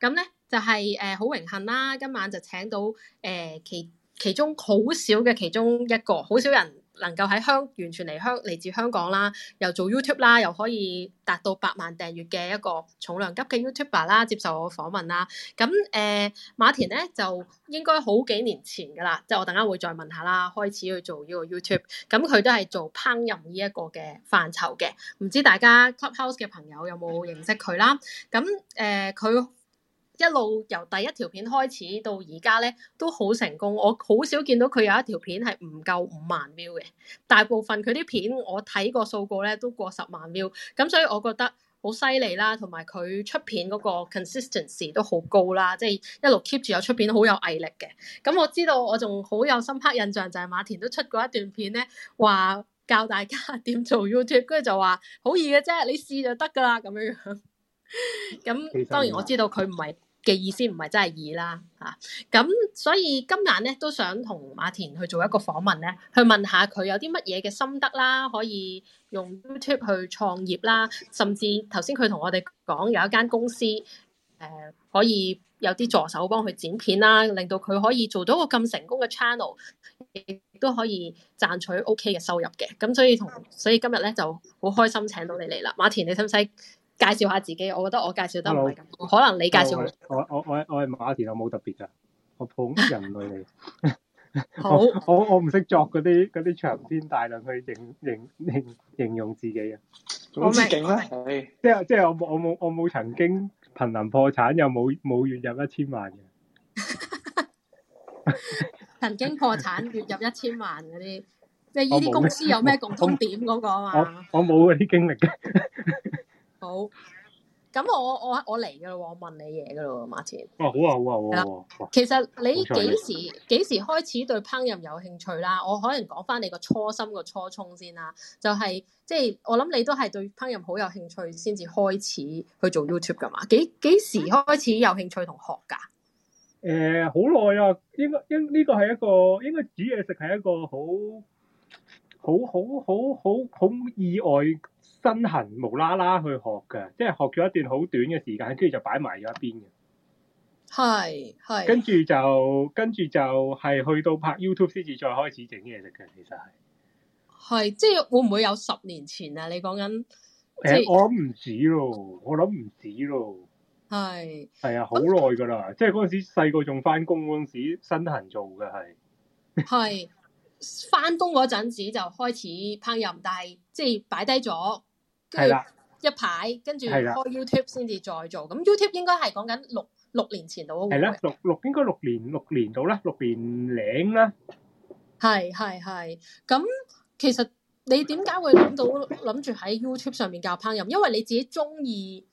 咁呢就係誒好榮幸啦，今晚就請到誒、呃、其其中好少嘅其中一個，好少人能夠喺香完全嚟香嚟自香港啦，又做 YouTube 啦，又可以達到百萬訂閱嘅一個重量級嘅 YouTuber 啦，接受我嘅訪問啦。咁誒、呃、馬田呢就應該好幾年前㗎喇，即係我等間會再問下啦，開始去做呢個 YouTube，咁佢都係做烹飪呢一個嘅範疇嘅，唔知大家 Clubhouse 嘅朋友有冇認識佢啦？咁誒佢。呃一路由第一條片開始到而家咧，都好成功。我好少見到佢有一條片係唔夠五萬 view 嘅，大部分佢啲片我睇過數個咧都過十萬 view。咁所以我覺得好犀利啦，同埋佢出片嗰個 consistency 都好高啦，即係一路 keep 住有出片，好有毅力嘅。咁我知道我仲好有深刻印象就係馬田都出過一段片咧，話教大家點做 YouTube，跟住就話好易嘅啫，你試就得噶啦咁樣樣。咁 當然我知道佢唔係。嘅意思唔係真係二啦嚇，咁、啊、所以今日咧都想同馬田去做一個訪問咧，去問下佢有啲乜嘢嘅心得啦，可以用 YouTube 去創業啦，甚至頭先佢同我哋講有一間公司誒、呃、可以有啲助手幫佢剪片啦，令到佢可以做到個咁成功嘅 channel，亦都可以賺取 OK 嘅收入嘅。咁所以同所以今日咧就好開心請到你嚟啦，馬田你使唔使？介紹下自己，我覺得我介紹得唔係咁，我可能你介紹。我我我我我係馬田啊，冇特別噶，我捧人類嚟。 好。我我唔識作嗰啲嗰啲長篇大論去形形形形容自己啊。好勁啦是！即係即係我冇我冇我冇曾經瀕臨破產又冇冇月入一千萬嘅。 曾經破產月入一千萬嗰啲，即係呢啲公司有咩共通點嗰個啊？我我冇嗰啲經歷嘅。 好，咁我我我嚟噶啦，我問你嘢噶啦，馬田。哦，好啊，好啊。好啊。 其實你幾時幾時開始對烹飪有興趣啦？我可能講翻你個初心個初衷先啦，就係、是、即係我諗你都係對烹飪好有興趣先至開始去做 YouTube 噶嘛？幾幾時開始有興趣同學噶？誒、嗯，好耐、嗯、啊，應該應呢個係一個應該煮嘢食係一個好好好好好好意外。身痕無啦啦去學嘅，即係學咗一段好短嘅時間，跟住就擺埋咗一邊嘅。係係。跟住就跟住就係去到拍 YouTube 先至再開始整嘢食嘅，其實係。係即係會唔會有十年前啊？你講緊？誒、欸，我諗唔止咯，我諗唔止咯。係是。係啊，好耐噶啦，我即係嗰陣時細個仲翻工嗰陣時，身痕做嘅係。係翻工嗰陣時就開始烹飪，但係即係擺低咗。係啦，一排跟住開 YouTube 先至再做，咁 YouTube 應該係講緊六六年前到，係啦，六六應該六年六年到啦，六年零啦。係係係，咁其實你點解會諗到諗住喺 YouTube 上面教烹飪？因為你自己中意，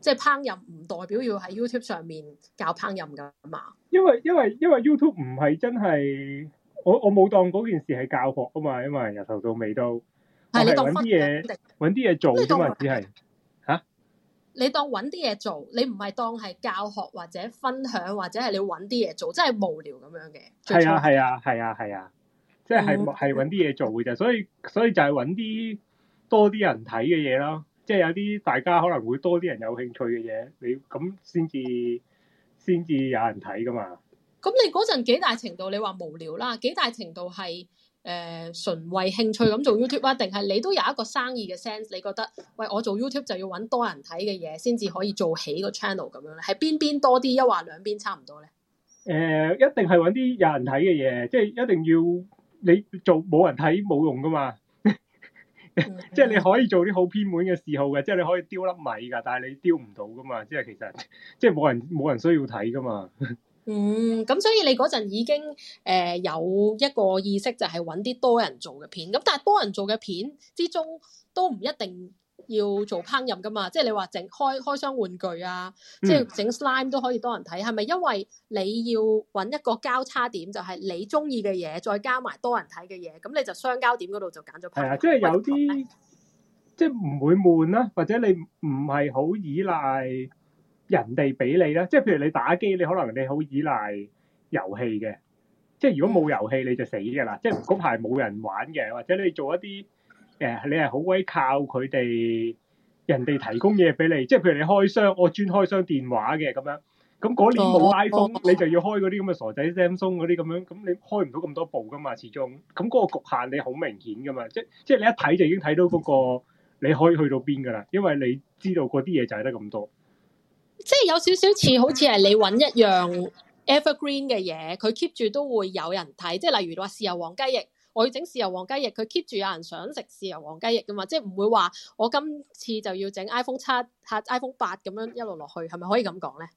即係烹飪唔代表要喺 YouTube 上面教烹飪噶啊嘛。因為因為因為 YouTube 唔係真係，我我冇當嗰件事係教學啊嘛，因為由頭到尾都。係你當搵啲嘢搵啲嘢做啫嘛，只係吓。你當搵啲嘢做，你唔係當係教學或者分享，或者係你搵啲嘢做，即係無聊咁樣嘅。係啊，係啊，係啊，係啊，即係係係搵啲嘢做嘅啫。所以所以就係搵啲多啲人睇嘅嘢咯。即係有啲大家可能會多啲人有興趣嘅嘢，你咁先至先至有人睇㗎嘛。咁你嗰陣幾大程度你話無聊啦？幾大程度係？誒，純、呃、為興趣咁做 YouTube 啊？定係你都有一個生意嘅 sense？你覺得喂，我做 YouTube 就要揾多人睇嘅嘢，先至可以做起個 channel 咁樣咧？係邊邊多啲，一話兩邊差唔多咧？誒、呃，一定係揾啲有人睇嘅嘢，即係一定要你做冇人睇冇用噶嘛。 嗯、 即係你可以做啲好偏門嘅嗜好嘅，即係你可以丟粒米噶，但係你丟唔到噶嘛。即係其實即係冇人冇人需要睇噶嘛。嗯，咁所以你嗰陣已經誒、呃、有一個意識就係揾啲多人做嘅片，咁但係多人做嘅片之中都唔一定要做烹飪噶嘛，即係你話整開開箱玩具啊，即係整 slime 都可以多人睇，係咪、嗯、因為你要揾一個交叉點，就係、是、你中意嘅嘢，再加埋多人睇嘅嘢，咁你就相交點嗰度就揀咗烹飪啊，即係有啲即係唔會悶啦、啊，或者你唔係好依賴。人哋俾你咧，即係譬如你打機，你可能你好依賴遊戲嘅，即係如果冇遊戲你就死㗎啦。即係嗰排冇人玩嘅，或者你做一啲誒、呃，你係好鬼靠佢哋人哋提供嘢俾你。即係譬如你開箱，我專開箱電話嘅咁樣，咁嗰年冇 iPhone，你就要開嗰啲咁嘅傻仔 Samsung 嗰啲咁樣，咁你開唔到咁多部㗎嘛，始終咁嗰個局限你好明顯㗎嘛。即係即係你一睇就已經睇到嗰、嗰個你可以去到邊㗎啦，因為你知道嗰啲嘢就係得咁多。即係有少少似，好似係你搵一樣 evergreen 嘅嘢，佢 keep 住都會有人睇。即係例如話豉油黃雞翼，我要整豉油黃雞翼，佢 keep 住有人想食豉油黃雞翼㗎嘛？即係唔會話我今次就要整 iPhone 七，吓 iPhone 八咁樣一路落去，係咪可以咁講咧？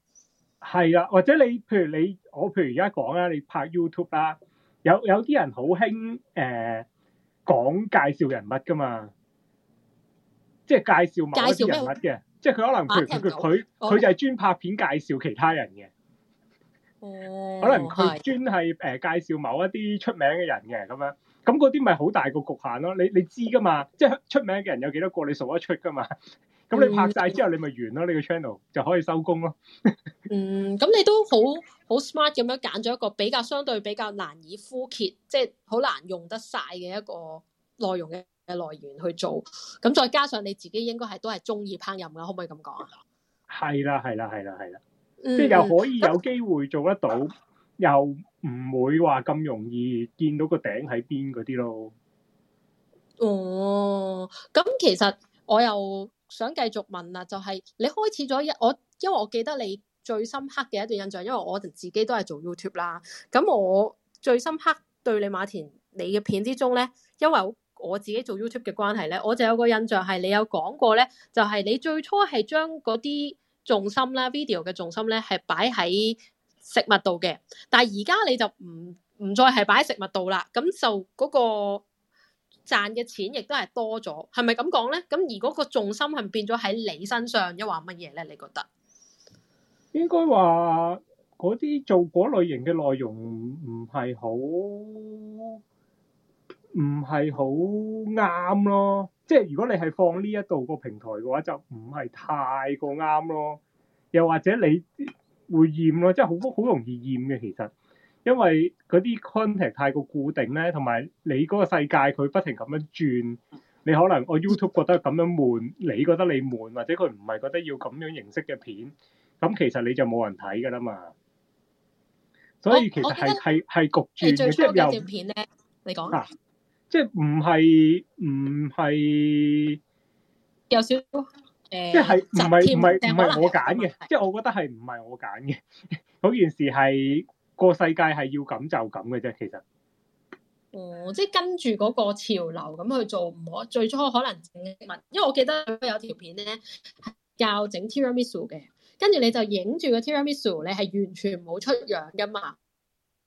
係啊，或者你譬如你我譬如而家講啦，你拍 YouTube 啦，有有啲人好興誒講介紹人物㗎嘛，即係介紹某啲人物嘅。即係佢可能，佢佢佢就係專拍片介紹其他人嘅，嗯、可能佢專係誒介紹某一啲出名嘅人嘅咁樣，咁嗰啲咪好大個局限咯。你你知噶嘛？即係出名嘅人有幾多個，你數得出噶嘛？咁你拍晒之後，嗯、你咪完咯，呢個 channel 就可以收工咯。 嗯，咁你都好好 smart 咁樣揀咗一個比較相對比較難以枯竭，即係好難用得晒嘅一個內容嘅。嘅來源去做，咁再加上你自己應該係都係中意烹飪噶，可唔可以咁講啊？係啦，係啦，係啦，係啦，即係又可以有機會做得到，嗯、又唔會話咁容易見到個頂喺邊嗰啲咯。哦，咁其實我又想繼續問啦，就係、是、你開始咗一我，因為我記得你最深刻嘅一段印象，因為我自己都係做 YouTube 啦。咁我最深刻對你馬田你嘅片之中咧，因為。我自己做 YouTube 嘅關係咧，我就有個印象係你有講過咧，就係、是、你最初係將嗰啲重心啦、video 嘅重心咧，係擺喺食物度嘅。但係而家你就唔唔再係擺喺食物度啦，咁就嗰個賺嘅錢亦都係多咗。係咪咁講咧？咁而嗰個重心係咪變咗喺你身上，抑或乜嘢咧？你覺得應該話嗰啲做嗰類型嘅內容唔係好。唔係好啱咯，即係如果你係放呢一度個平台嘅話，就唔係太過啱咯。又或者你會厭咯，即係好好容易厭嘅。其實因為嗰啲 content 太過固定咧，同埋你嗰個世界佢不停咁樣轉，你可能我 YouTube 覺得咁樣悶，你覺得你悶，或者佢唔係覺得要咁樣形式嘅片，咁其實你就冇人睇㗎啦嘛。所以其實係係係焗住即係最初嘅片咧，你講啊。即係唔係唔係有少少誒，呃、即係唔係唔係唔係我揀嘅，即係我覺得係唔係我揀嘅嗰件事係個世界係要咁就咁嘅啫。其實哦，即係、嗯就是、跟住嗰個潮流咁去做，唔好最初可能整物，因為我記得有條片咧教整 tiramisu 嘅，跟住你就影住個 tiramisu，你係完全冇出樣㗎嘛。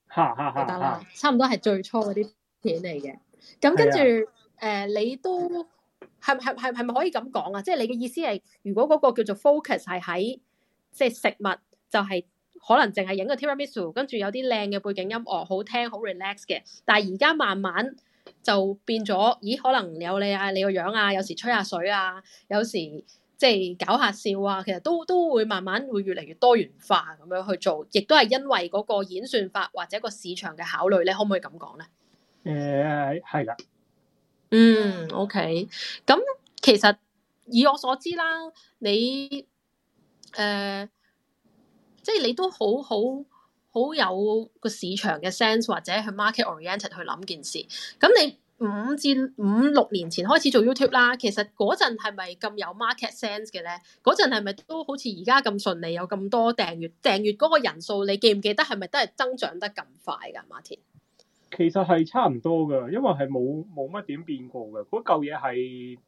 嚇嚇嚇嚇，差唔多係最初嗰啲片嚟嘅。咁跟住，誒的、呃，你都係係係係咪可以咁講啊？即係你嘅意思係，如果嗰個叫做 focus 係喺即係、就是、食物，就係、是、可能淨係影個 tiramisu，跟住有啲靚嘅背景音樂、哦，好聽，好 relax 嘅。但係而家慢慢就變咗，咦？可能有你啊，你個樣啊，有時吹下水啊，有時即係搞下笑啊，其實都都會慢慢會越嚟越多元化，咁樣去做，亦都係因為嗰個演算法或者個市場嘅考慮，你可唔可以咁講咧？誒，係啦、uh, okay.。嗯，OK。咁其實以我所知啦，你誒、呃，即係你都好好好有個市場嘅 sense，或者去 market oriented 去諗件事。咁你五至五六年前開始做 YouTube 啦，其實嗰陣係咪咁有 market sense 嘅咧？嗰陣係咪都好似而家咁順利，有咁多訂閱？訂閱嗰個人數，你記唔記得係咪都係增長得咁快噶？馬田。其實係差唔多噶，因為係冇冇乜點變過嘅。嗰嚿嘢，係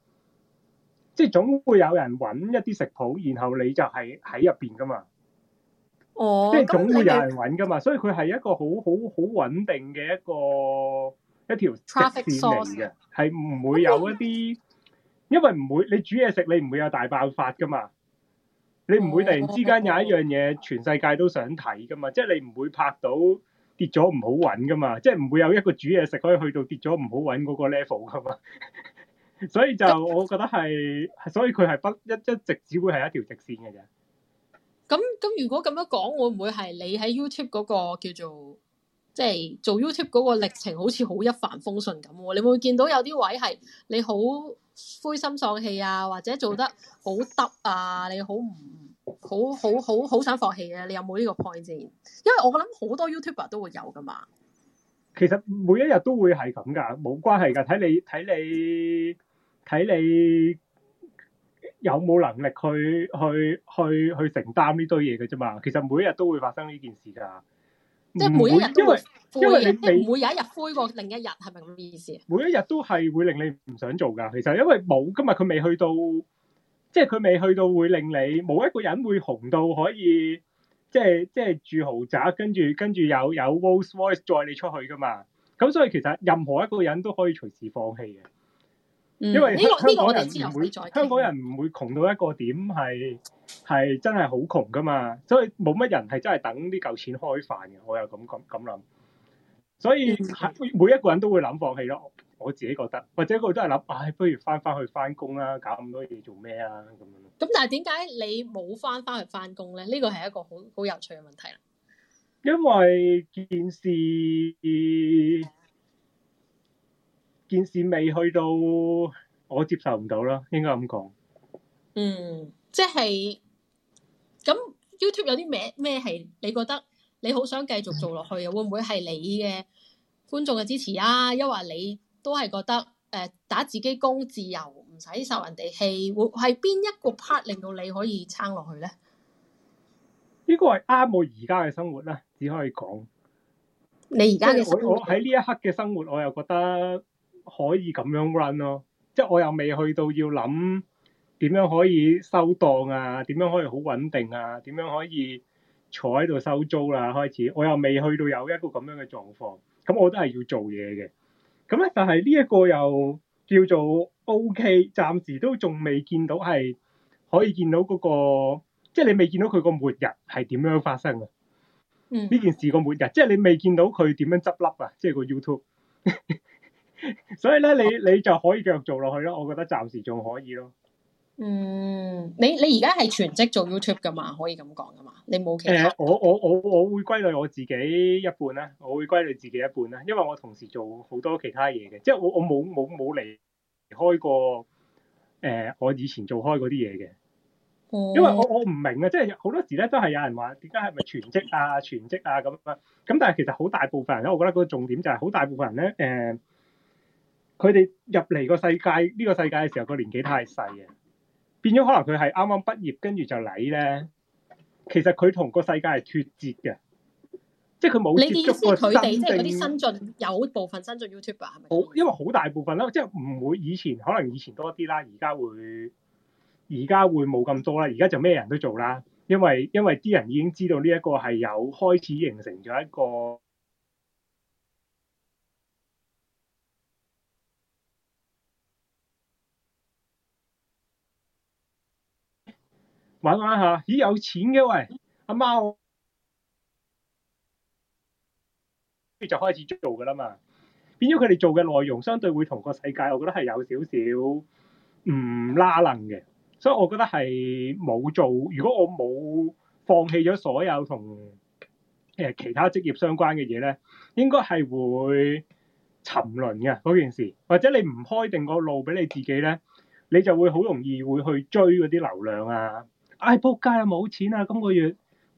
即係總會有人搵一啲食譜，然後你就係喺入邊噶嘛。哦，即係總會有人搵噶嘛，你所以佢係一個好好好穩定嘅一個一條直線嚟嘅，係唔會有一啲，你因為唔會你煮嘢食，你唔會有大爆發噶嘛。你唔會突然之間有一樣嘢全世界都想睇噶嘛？即係你唔會拍到。跌咗唔好揾噶嘛，即係唔會有一個煮嘢食，可以去到跌咗唔好揾嗰個 level 噶嘛， 所以就我覺得係，那所以佢係不一一直只會係一條直線嘅啫。咁咁如果咁樣講，會唔會係你喺 YouTube 嗰、嗰個叫做，即係做 YouTube 嗰個歷程好似好一帆風順咁？你會見到有啲位係你好灰心喪氣啊，或者做得好得啊，你好唔～好好好好想放棄嘅，你有冇呢個 point 先？因為我諗好多 YouTuber 都會有噶嘛。其實每一日都會係咁噶，冇關係噶，睇你睇你睇你有冇能力去去去去承擔呢堆嘢嘅啫嘛。其實每一日都會發生呢件事噶。即係每一日，因為因為你唔會有一日灰過另一日，係咪咁嘅意思？每一日都係會令你唔想做噶。其實因為冇今日，佢未去到。即係佢未去到會令你，冇一個人會紅到可以，即係即係住豪宅，跟住跟住有有 Voice Voice 載你出去噶嘛？咁所以其實任何一個人都可以隨時放棄嘅，嗯、因為、這個、香港人唔會再香港人唔會窮到一個點係係真係好窮噶嘛，所以冇乜人係真係等啲嚿錢開飯嘅，我又咁咁咁諗，所以每每一個人都會諗放棄咯。我自己覺得，或者佢都係諗，唉、哎，不如翻翻去翻工啦，搞咁多嘢做咩啊？咁樣。咁但係點解你冇翻翻去翻工咧？呢個係一個好好有趣嘅問題啦。因為件事，件事未去到我接受唔到啦，應該咁講。嗯，即、就、係、是，咁 YouTube 有啲咩咩係你覺得你好想繼續做落去啊？ 會唔會係你嘅觀眾嘅支持啊？一話你？都係覺得誒、呃，打自己工自由，唔使受人哋氣。會係邊一個 part 令到你可以撐落去咧？呢個係啱我而家嘅生活啦，只可以講。你而家嘅生活，我喺呢一刻嘅生活，我又覺得可以咁樣 run 咯。即係我又未去到要諗點樣可以收檔啊，點樣可以好穩定啊，點樣可以坐喺度收租啦、啊。開始我又未去到有一個咁樣嘅狀況，咁我都係要做嘢嘅。咁咧，但係呢一個又叫做 OK，暫時都仲未見到係可以見到嗰個，即係你未見到佢個末日係點樣發生啊？嗯，呢件事個末日，即係你未見到佢點樣執笠啊？即係個 YouTube， 所以咧，你你就可以繼續做落去咯。我覺得暫時仲可以咯。嗯，你你而家係全職做 YouTube 噶嘛？可以咁講噶嘛？你冇其他？呃、我我我我會歸類我自己一半啦，我會歸類自己一半啦，因為我同時做好多其他嘢嘅，即係我我冇冇冇離開過誒、呃，我以前做開嗰啲嘢嘅，因為我我唔明啊，即係好多時咧都係有人話點解係咪全職啊，全職啊咁咁，但係其實好大部分人咧，我覺得嗰個重點就係好大部分人咧，誒、呃，佢哋入嚟個世界呢個世界嘅時候，個年紀太細啊。變咗可能佢係啱啱畢業，跟住就嚟咧。其實佢同個世界係脫節嘅，即係佢冇接觸過新進。你意思係佢哋，即係嗰啲新進，有部分新進 YouTuber 係咪？好，因為好大部分啦，即係唔會以前可能以前多啲啦，而家會而家會冇咁多啦。而家就咩人都做啦，因為因為啲人已經知道呢一個係有開始形成咗一個。玩玩下，咦有錢嘅喂，阿媽，我就開始做㗎啦嘛。變咗佢哋做嘅內容，相對會同個世界，我覺得係有少少唔拉楞嘅，所以我覺得係冇做。如果我冇放棄咗所有同誒其他職業相關嘅嘢咧，應該係會沉淪嘅嗰件事，或者你唔開定個路俾你自己咧，你就會好容易會去追嗰啲流量啊。哎，仆街啊！冇錢啊！今個月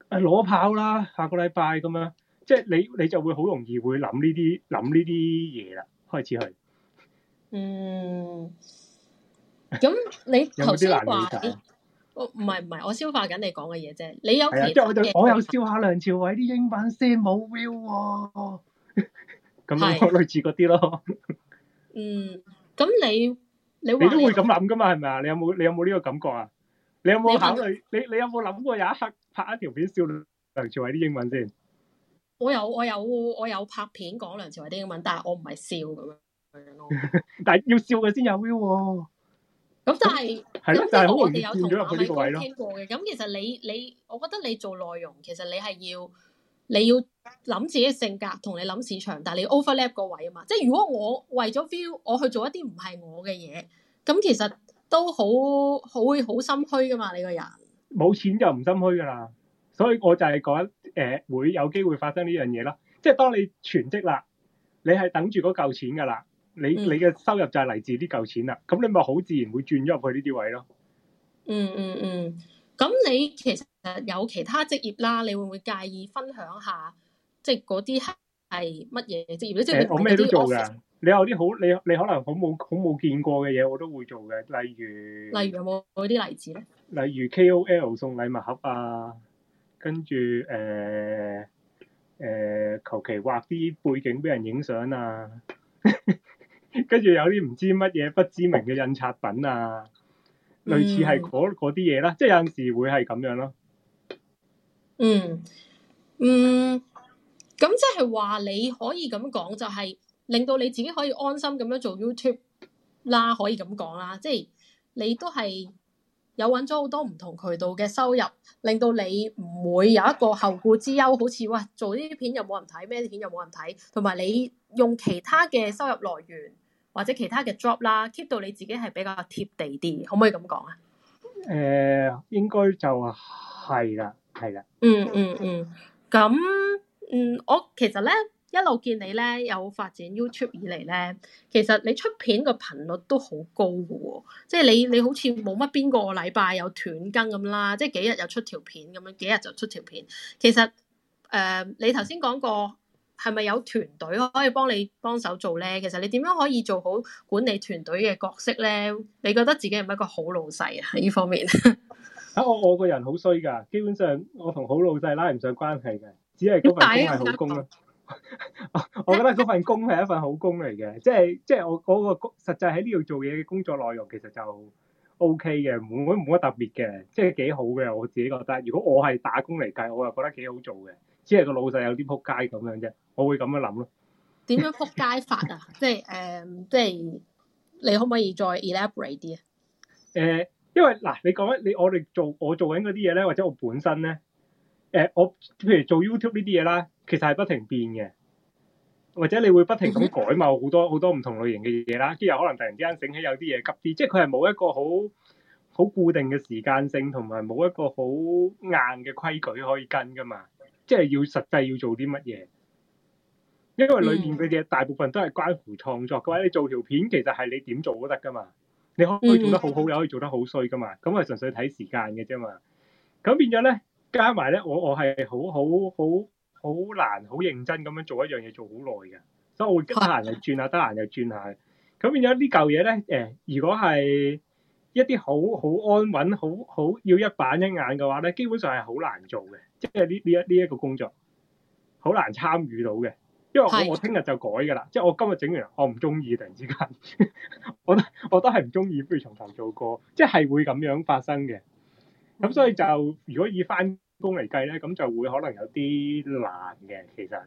唉，攞炮啦！下個禮拜咁樣，即係你你就會好容易會諗呢啲諗呢啲嘢啦，開始去。嗯。咁你頭先難，我唔係唔係，我消化緊你講嘅嘢啫。你有時，我又笑下梁朝偉啲英文先，冇 view 喎。係。咁樣類似嗰啲咯。嗯。咁你你你都會咁諗噶嘛？係咪啊？你有冇你有冇呢個感覺啊？你有冇考慮？你你有冇諗過有一刻拍一條片笑梁朝偉啲英文先？我有我有我有拍片講梁朝偉啲英文，但係我唔係笑咁樣。 但係要笑嘅先有 feel 喎。咁但係係咯，但係我哋有同阿米傾過嘅。咁 其實你你，我覺得你做內容，其實你係要你要諗自己嘅性格同你諗市場，但係你 overlap 個位啊嘛。即係如果我為咗 feel，我去做一啲唔係我嘅嘢，咁其實。都好好會好心虛噶嘛，你個人冇錢就唔心虛噶啦，所以我就係講誒會有機會發生呢樣嘢咯。即係當你全職啦，你係等住嗰嚿錢噶啦，你、嗯、你嘅收入就係嚟自呢嚿錢啦。咁你咪好自然會轉咗入去呢啲位咯、嗯。嗯嗯嗯，咁你其實有其他職業啦，你會唔會介意分享下，即係嗰啲係係乜嘢職業咧？呃、即係我咩都做噶。你有啲好，你你可能好冇好冇見過嘅嘢，我都會做嘅。例如例如，有冇啲例子咧？例如 K.O.L 送禮物盒啊，跟住誒誒，求其畫啲背景俾人影相啊， 跟住有啲唔知乜嘢不知名嘅印刷品啊，類似係嗰啲嘢啦。即係有陣時會係咁樣咯、嗯。嗯嗯，咁即係話你可以咁講，就係。令到你自己可以安心咁樣做 YouTube 啦，可以咁講啦，即係你都係有揾咗好多唔同渠道嘅收入，令到你唔會有一個後顧之憂，好似哇做呢啲片又冇人睇，咩片又冇人睇，同埋你用其他嘅收入來源或者其他嘅 job 啦，keep 到你自己係比較貼地啲，可唔可以咁講啊？誒、呃，應該就係啦，係啦、嗯，嗯嗯嗯，咁嗯，嗯，嗯我其實咧。一路見你咧有發展 YouTube 以嚟咧，其實你出片個頻率都好高嘅喎、哦，即係你你好似冇乜邊個禮拜有斷更咁啦，即係幾日又出條片咁樣，幾日就出條片。其實誒、呃，你頭先講過係咪有團隊可以幫你幫手做咧？其實你點樣可以做好管理團隊嘅角色咧？你覺得自己係咪一個好老細啊？喺呢方面，我我個人好衰噶，基本上我同好老細拉唔上關係嘅，只係嗰份工係好工 我 我覺得嗰份工係一份好工嚟嘅，即係即係我我個工實際喺呢度做嘢嘅工作內容其實就 OK 嘅，冇冇冇乜特別嘅，即係幾好嘅。我自己覺得，如果我係打工嚟計，我又覺得幾好做嘅，只係個老細有啲仆街咁樣啫。我會咁樣諗咯。點樣仆街法啊？即係誒，即係你可唔可以再 elaborate 啲啊？誒，因為嗱，你講緊你我哋做我做緊嗰啲嘢咧，或者我本身咧。誒、呃，我譬如做 YouTube 呢啲嘢啦，其實係不停變嘅，或者你會不停咁改貌好多好、mm hmm. 多唔同類型嘅嘢啦，跟住又可能突然之間醒起有啲嘢急啲，即係佢係冇一個好好固定嘅時間性，同埋冇一個好硬嘅規矩可以跟噶嘛，即係要實際要做啲乜嘢，因為裏邊嘅嘢大部分都係關乎創作嘅，mm hmm. 你做條片其實係你點做都得噶嘛，你可以做得好好，你、mm hmm. 可以做得好衰噶嘛，咁係純粹睇時間嘅啫嘛，咁變咗咧。加埋咧，我我係好好好好難好認真咁樣做一樣嘢，做好耐嘅，所以我會得閒就轉下，得閒就轉下。咁變咗呢舊嘢咧，誒，如果係一啲好好安穩、好好要一板一眼嘅話咧，基本上係好難做嘅，即係呢呢一呢一個工作好難參與到嘅，因為我 我聽日就改噶啦，即係我今日整完，我唔中意，突然之間， 我都我都係唔中意，不如從頭做過，即係會咁樣發生嘅。咁所以就如果以返工嚟計咧，咁就會可能有啲難嘅。其實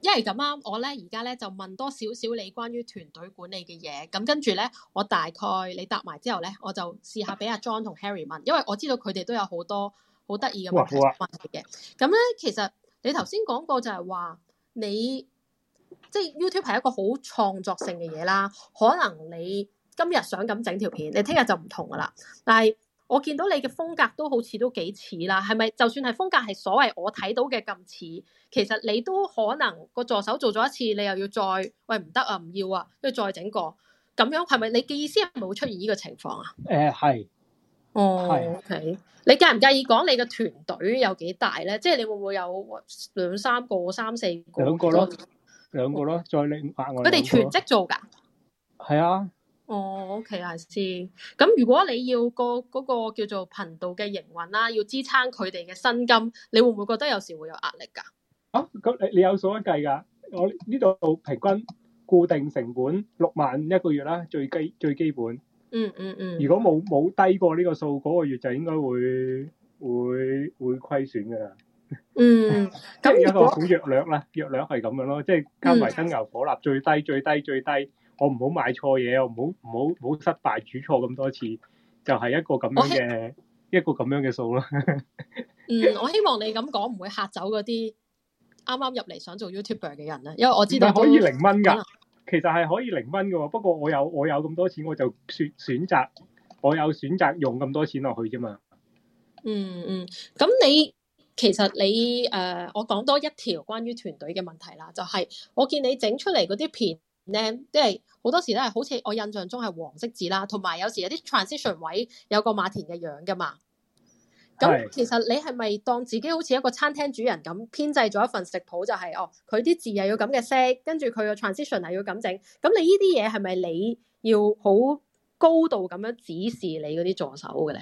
因為咁啱，我咧而家咧就問多少少你關於團隊管理嘅嘢。咁跟住咧，我大概你答埋之後咧，我就試下俾阿 John 同 Harry 問，因為我知道佢哋都有好多好得意嘅問題哇問嘅。咁咧哇，其實你頭先講過就係話，你即係 YouTube 係一個好創作性嘅嘢啦。可能你今日想咁整條片，你聽日就唔同噶啦。但係。我見到你嘅風格好都好似都幾似啦，係咪？就算係風格係所謂我睇到嘅咁似，其實你都可能個助手做咗一次，你又要再喂唔得啊，唔要啊，跟住再整過，咁樣係咪？是是你嘅意思係冇出現呢個情況啊？誒、嗯，係，哦，係的，okay. 你介唔介意講你嘅團隊有幾大咧？即係你會唔會有兩三個、三四個？兩個咯，兩個咯，再另額外。佢哋全職做噶？係啊。哦，OK，阿師，咁如果你要、嗰個、嗰個叫做頻道嘅營運啦，要支撐佢哋嘅薪金，你會唔會覺得有時會有壓力㗎？啊，咁你你有數一計㗎？我呢度平均固定成本六萬一個月啦，最基最基本。嗯嗯嗯。嗯嗯如果冇冇低過呢個數，嗰、嗰個月就應該會會會虧損㗎。 嗯，咁 一個咁約量啦，約量係咁樣咯，即、就、係、是、加埋燈油火蠟最低最低最低。我唔好買錯嘢，我唔好唔好好失敗煮錯咁多次，就係、是、一個咁樣嘅一個咁樣嘅數咯。 嗯，我希望你咁講唔會吓走嗰啲啱啱入嚟想做 YouTuber 嘅人咧，因為我知道可以零蚊噶，啊、其實係可以零蚊噶，不過我有我有咁多錢，我就選選擇我有選擇用咁多錢落去啫嘛、嗯。嗯嗯，咁你其實你誒、呃，我講多一條關於團隊嘅問題啦，就係、是、我見你整出嚟嗰啲片。即係好多時都係好似我印象中係黃色字啦。同埋有，有時有啲 transition 位有個馬田嘅樣噶嘛。咁的其實你係咪當自己好似一個餐廳主人咁編製咗一份食譜，就是？就係哦，佢啲字又要咁嘅色，跟住佢個 transition 係要咁整。咁你呢啲嘢係咪你要好高度咁樣指示你嗰啲助手嘅咧？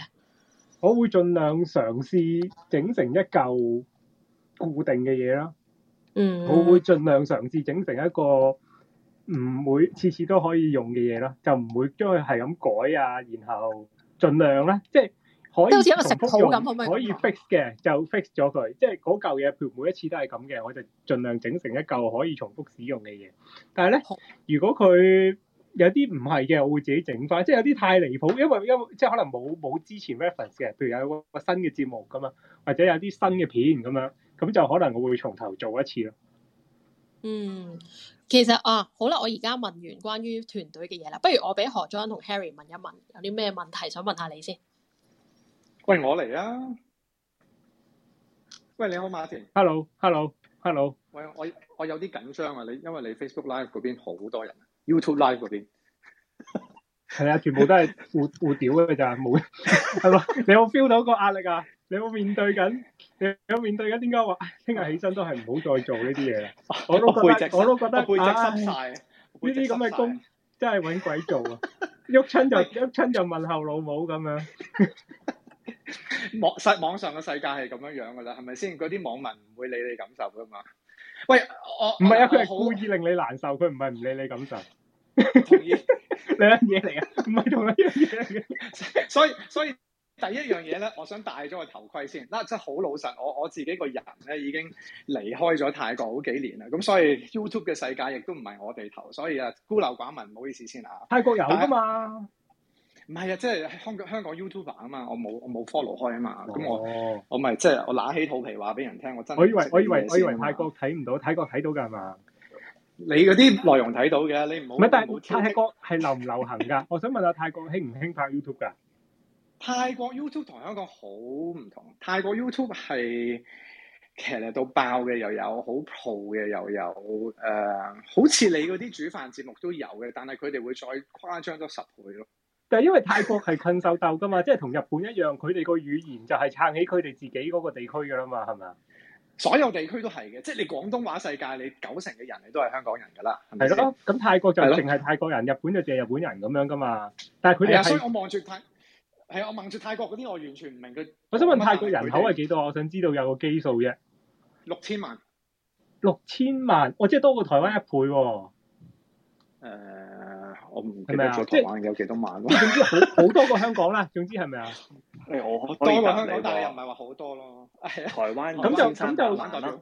我會盡量嘗試整成一舊固定嘅嘢咯。嗯，我會盡量嘗試整成一個。唔會次次都可以用嘅嘢咯，就唔會將佢係咁改啊，然後盡量咧、啊啊，即係可以重複用，用可以 fix 嘅就 fix 咗佢。即係嗰嚿嘢，譬如每一次都係咁嘅，我就盡量整成一嚿可以重複使用嘅嘢。但係咧，好如果佢有啲唔係嘅，我會自己整翻。即係有啲太離譜，因為因為即係可能冇冇之前 reference 嘅，譬如有個新嘅節目咁啊，或者有啲新嘅片咁樣，咁就可能我會從頭做一次咯。嗯，其實啊，好啦，我而家問完關於團隊嘅嘢啦，不如我俾何莊同 Harry 問一問，有啲咩問題想問下你先？喂，我嚟啊！喂，你好，馬田，Hello，Hello，Hello。Hello, hello, hello. 喂，我我有啲緊張啊，你因為你 Facebook Live 嗰邊好多人，YouTube Live 嗰邊係啊， 全部都係互互屌嘅咋，冇係嘛？你有冇 feel 到個壓力啊？你有冇面對緊？有面對嘅，點解話聽日起身都係唔好再做呢啲嘢啦？我都覺得，我都覺得背脊濕晒啊，呢啲咁嘅工真係揾鬼做啊！喐親就喐親就問候老母咁樣。網世網上嘅世界係咁樣樣噶啦，係咪先？嗰啲網民唔會理你感受噶嘛？喂，我唔係啊，佢係故意令你難受，佢唔係唔理你感受。同一樣嘢嚟噶，唔係同一樣嘢嚟嘅。所以，所以。第一樣嘢咧，我想戴咗個頭盔先。嗱，真係好老實，我我自己個人咧已經離開咗泰國好幾年啦。咁、啊、所以 YouTube 嘅世界亦都唔係我地頭，所以啊，孤陋寡聞，唔好意思先啊。泰國有噶嘛？唔係啊，即係香港香港 YouTuber 啊嘛，我冇我冇 follow 開啊嘛。咁、哦、我我咪即係我揦起肚皮話俾人聽，我真。我以為我以為我以為泰國睇唔到，泰國睇到噶係嘛？你嗰啲內容睇到嘅，是你唔好。唔係，但係泰泰國係流唔流行噶？我想問下泰國興唔興拍 YouTube 噶？ 泰國 YouTube 同香港好唔同。泰國 YouTube 係騎嚟到爆嘅，又有好 pro 嘅，pro 又有誒、呃，好似你嗰啲煮飯節目都有嘅，但係佢哋會再誇張咗十倍咯。就係因為泰國係近受鬥噶嘛， 即係同日本一樣，佢哋個語言就係撐起佢哋自己嗰個地區噶啦嘛，係咪所有地區都係嘅，即係你廣東話世界，你九成嘅人你都係香港人噶啦，係咯。咁泰國就淨係泰國人，的日本就淨係日本人咁樣噶嘛。但係佢哋所以我望住泰。係，我望住泰國嗰啲，我完全唔明佢。我想問泰國人口係幾多？我想知道有個基數啫。六千萬，六千萬，我即係多過台灣一倍喎。我唔記得咗台灣有幾多萬咯。總之好好多過香港啦。總之係咪啊？誒，我多過香港，但係又唔係話好多咯。台灣咁就，咁就，萬啦。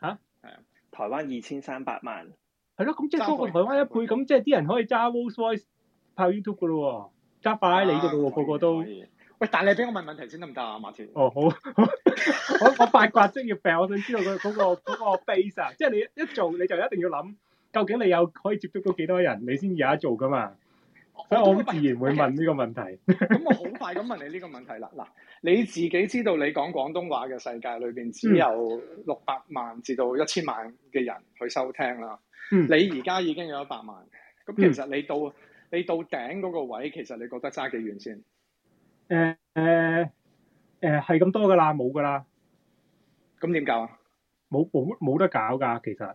嚇，啊！台灣二千三百萬。係咯，咁即係多過台灣一倍，咁即係啲人可以揸 v o l c s Voice 拍 YouTube 嘅咯喎。揸法拉利嘅咯喎，啊、個個都。可可喂，但係你俾我問問題先得唔得啊，馬田，哦，好。 我我八卦職業病，我想知道佢、嗰、嗰個嗰、 嗰個嗰個 base 啊，即係你一做你就一定要諗，究竟你有可以接觸到幾多人，你先有得做噶嘛？哦、所以我自然會問呢個問題。咁我好快咁問你呢個問題啦。嗱， 你自己知道你講廣東話嘅世界裏邊只有六百萬至到一千萬嘅人去收聽啦。嗯、你而家已經有一百萬，咁其實你到，嗯你到頂嗰個位，其實你覺得差幾遠先？誒誒誒，係、呃、咁多噶啦，冇噶啦。咁點搞啊？冇冇冇得搞噶，其實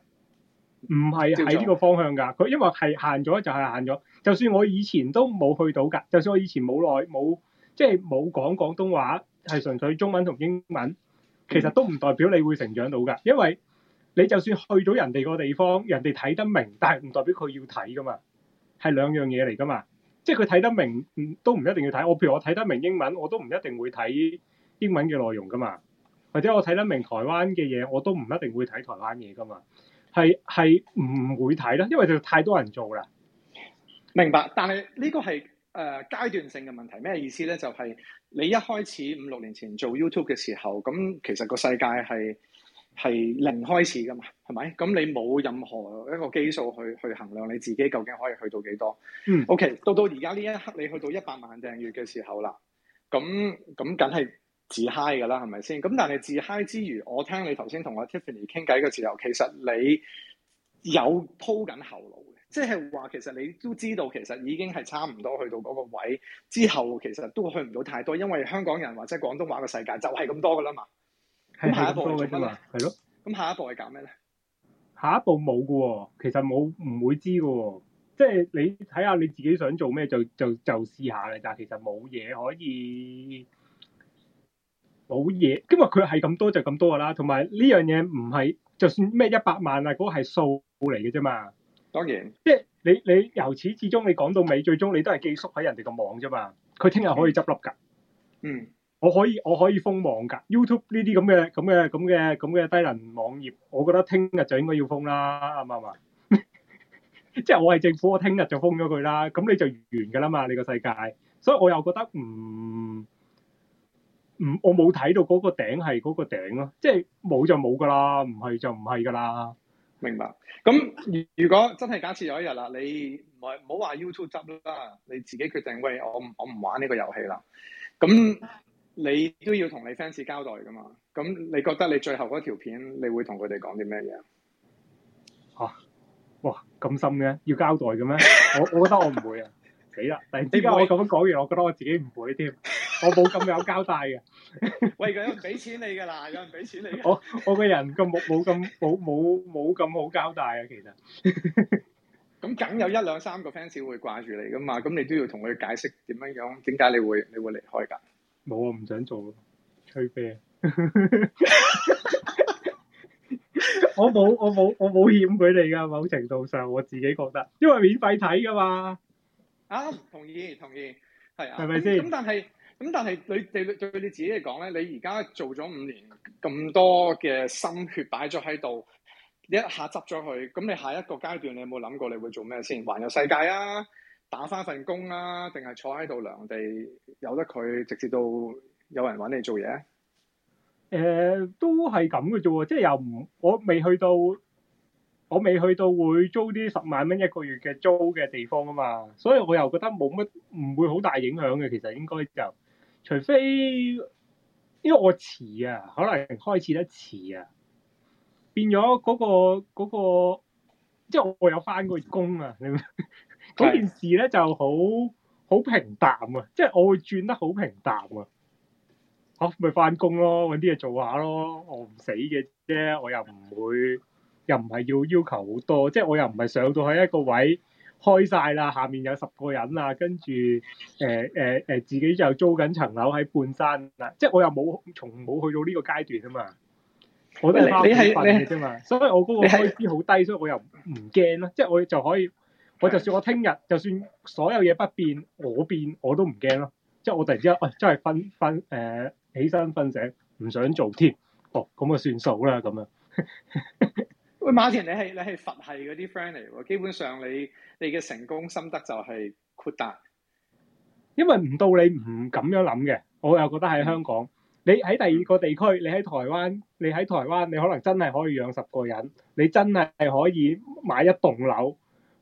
唔係喺呢個方向噶。佢因為係限咗，就係限咗。就算我以前都冇去到噶，就算我以前冇耐冇即係冇講廣東話，係純粹中文同英文，其實都唔代表你會成長到噶。因為你就算去到人哋個地方，人哋睇得明，但係唔代表佢要睇噶嘛。係兩樣嘢嚟㗎嘛，即係佢睇得明，嗯，都唔一定要睇。我譬如我睇得明英文，我都唔一定會睇英文嘅內容㗎嘛。或者我睇得明台灣嘅嘢，我都唔一定會睇台灣嘢㗎嘛。係係唔會睇啦，因為就太多人做啦。明白，但係呢個係誒階段性嘅問題。咩意思咧？就係、是、你一開始五六年前做 YouTube 嘅時候，咁其實個世界係。係零開始噶嘛？係咪？咁你冇任何一個基數去去衡量你自己究竟可以去到幾多？嗯，OK。到到而家呢一刻，你去到一百萬訂閱嘅時候啦，咁咁緊係自嗨 i g 噶啦，係咪先？咁但係自嗨之餘，我聽你頭先同阿 Tiffany 傾偈嘅時候，其實你有鋪緊後路嘅，即係話其實你都知道，其實已經係差唔多去到嗰個位之後，其實都去唔到太多，因為香港人或者廣東話嘅世界就係咁多噶啦嘛。咁下一步嘅啫嘛，係咯。咁下一步係搞咩咧？下一步冇㗎喎，其實冇唔會知㗎喎、哦。即係你睇下你自己想做咩就就就試下啦，但係其實冇嘢可以冇嘢。因為佢係咁多就咁多㗎啦。同埋呢樣嘢唔係，就算咩一百萬啊，嗰、嗰個係數嚟嘅啫嘛。當然，即係你你由始至終你講到尾，最終你都係寄宿喺人哋個網啫嘛。佢聽日可以執笠㗎。嗯。我可以我可以封網噶，YouTube 呢啲咁嘅咁嘅咁嘅咁嘅低能網頁，我覺得聽日就應該要封啦，啱唔啱啊？即係我係政府，我聽日就封咗佢啦，咁你就完噶啦嘛，你個世界，所以我又覺得唔唔，我冇睇到嗰個頂係嗰個頂咯，即係冇就冇噶啦，唔係就唔係噶啦。明白？咁如果真係假設有一日啦，你唔係唔好話 YouTube 執啦，你自己決定，喂，我我唔玩呢個遊戲啦，咁。你都要同你 fans 交代噶嘛？咁你覺得你最後嗰條片，你會同佢哋講啲咩嘢？嚇、啊！哇！咁深嘅，要交代嘅咩？我我覺得我唔會啊！ 死啦！突然之間我咁樣講完，我覺得我自己唔會添、啊，我冇咁有交代嘅。 喂！人俾錢你 有人俾錢你噶啦，有人俾錢你。我我個人個冇冇咁冇冇冇咁好交代啊！其實，咁 梗有一兩三個 fans 會掛住你噶嘛？咁你都要同佢解釋點樣樣，點解你會你，你，你會離開噶？冇，我唔想做吹飛。我冇，我冇，我冇欠佢哋㗎，某程度上我自己覺得，因為免費睇㗎嘛。啊，同意同意，係啊。係咪先？咁、嗯嗯、但係，咁、嗯、但係，你對對你自己嚟講咧，你而家做咗五年咁多嘅心血擺咗喺度，你一下執咗佢，咁你下一個階段，你有冇諗過你會做咩先？環遊世界啊！打翻份工啦、啊，定係坐喺度量地，由得佢直接到有人搵你做嘢？誒、呃，都係咁嘅啫喎，即係又唔，我未去到，我未去到會租啲十萬蚊一個月嘅租嘅地方啊嘛，所以我又覺得冇乜唔會好大影響嘅，其實應該就除非，因為我遲啊，可能開始得遲啊，變咗嗰、嗰個、嗰個、即係我有翻過工啊。嗰件事咧就好好平淡，平淡啊，即係我會轉得好平淡啊，吓咪翻工咯，搵啲嘢做下咯，我唔死嘅啫，我又唔會又唔係要要求好多，即係我又唔係上到去一個位開晒啦，下面有十個人啊，跟住誒誒誒自己就租緊層樓喺半山啦，即係我又冇從冇去到呢個階段啊嘛，我都係包工分嘅啫嘛，所以我嗰個開支好低，所以我又唔驚咯，即係我就可以。我就算我聽日，就算所有嘢不變，我變我都唔驚咯。即係我突然之間，喂、哎，真係瞓瞓誒，起身瞓醒，唔想做添。哦，咁啊算數啦，咁樣。 喂，馬田，你係你係佛系嗰啲 friend 嚟喎。基本上你你嘅成功心得就係豁達。因為唔到你唔咁樣諗嘅，我又覺得喺香港，你喺第二個地區，你喺台灣，你喺台灣，你可能真係可以養十個人，你真係可以買一棟樓。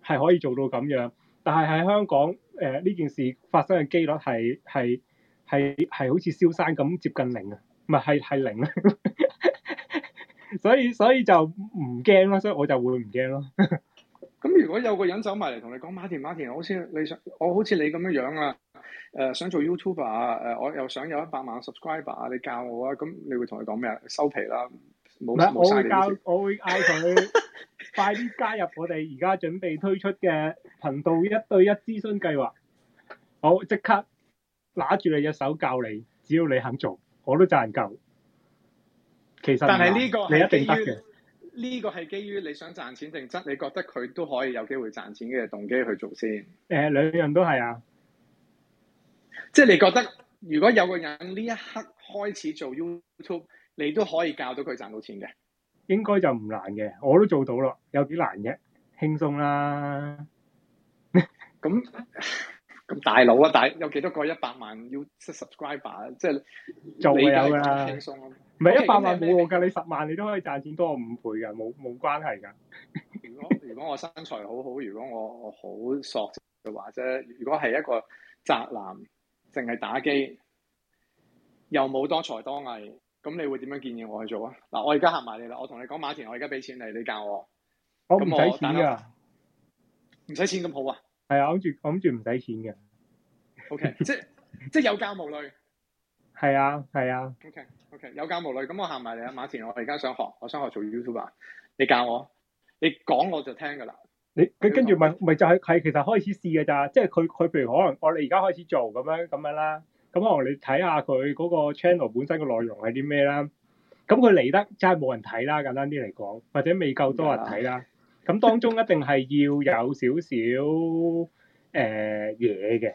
係可以做到咁樣，但係喺香港，誒、呃、呢件事發生嘅機率係係係係好似消散咁接近零啊，唔係係係零啊， 所以所以就唔驚啦，所以我就會唔驚咯。咁 如果有個人走埋嚟同你講，馬田馬田，Martin, Martin，好似你想我好似你咁樣樣啊，誒、呃、想做 YouTuber 啊，誒、呃、我又想有一百萬 subscriber 啊，你教我啊，咁你會同佢講咩啊？收皮啦，唔好唔好教，我會嗌佢。快啲加入我哋而家準備推出嘅頻道一對一諮詢計劃，好即刻拿住你隻手教你，只要你肯做，我都賺夠。其實但係呢個你一定得嘅。呢個係基於你想賺錢定真？你覺得佢都可以有機會賺錢嘅動機去做先？誒、呃，兩樣都係啊，即係你覺得如果有個人呢一刻開始做 YouTube，你都可以教到佢賺到錢嘅。應該就唔難嘅，我都做到咯，有幾難嘅？輕鬆啦。咁 咁大佬啊，大有幾多個一百萬要 subscribers，即係就有啦。輕鬆啊，唔係一百萬冇我噶 Okay, 你十萬你都可以賺錢多我五倍噶，冇冇關係噶。 如果如果我身材好好，如果我我好索嘅話啫，如果係一個宅男，淨係打機，又冇多才多藝。咁你會點樣建議我去做啊？嗱，我而家行埋你啦，我同你講馬田，我而家俾錢你，你教我，我唔使錢噶，唔使錢咁好啊？係啊，諗住諗住唔使錢嘅。OK，即 即有教無類，係啊，係啊。O K，O K，有教無類，咁我行埋你啊，馬田，我而家想學，我想學做 YouTuber，你教我，你講我就聽噶啦。你咁跟住咪咪就係、係、係其實開始試嘅咋？即係佢佢譬如可能我哋而家開始做咁樣咁樣啦。咁我哋睇下佢嗰個 channel 本身嘅內容係啲咩啦。咁佢嚟得真係冇人睇啦，簡單啲嚟講，或者未夠多人睇啦。咁當中一定係要有少少誒嘢嘅，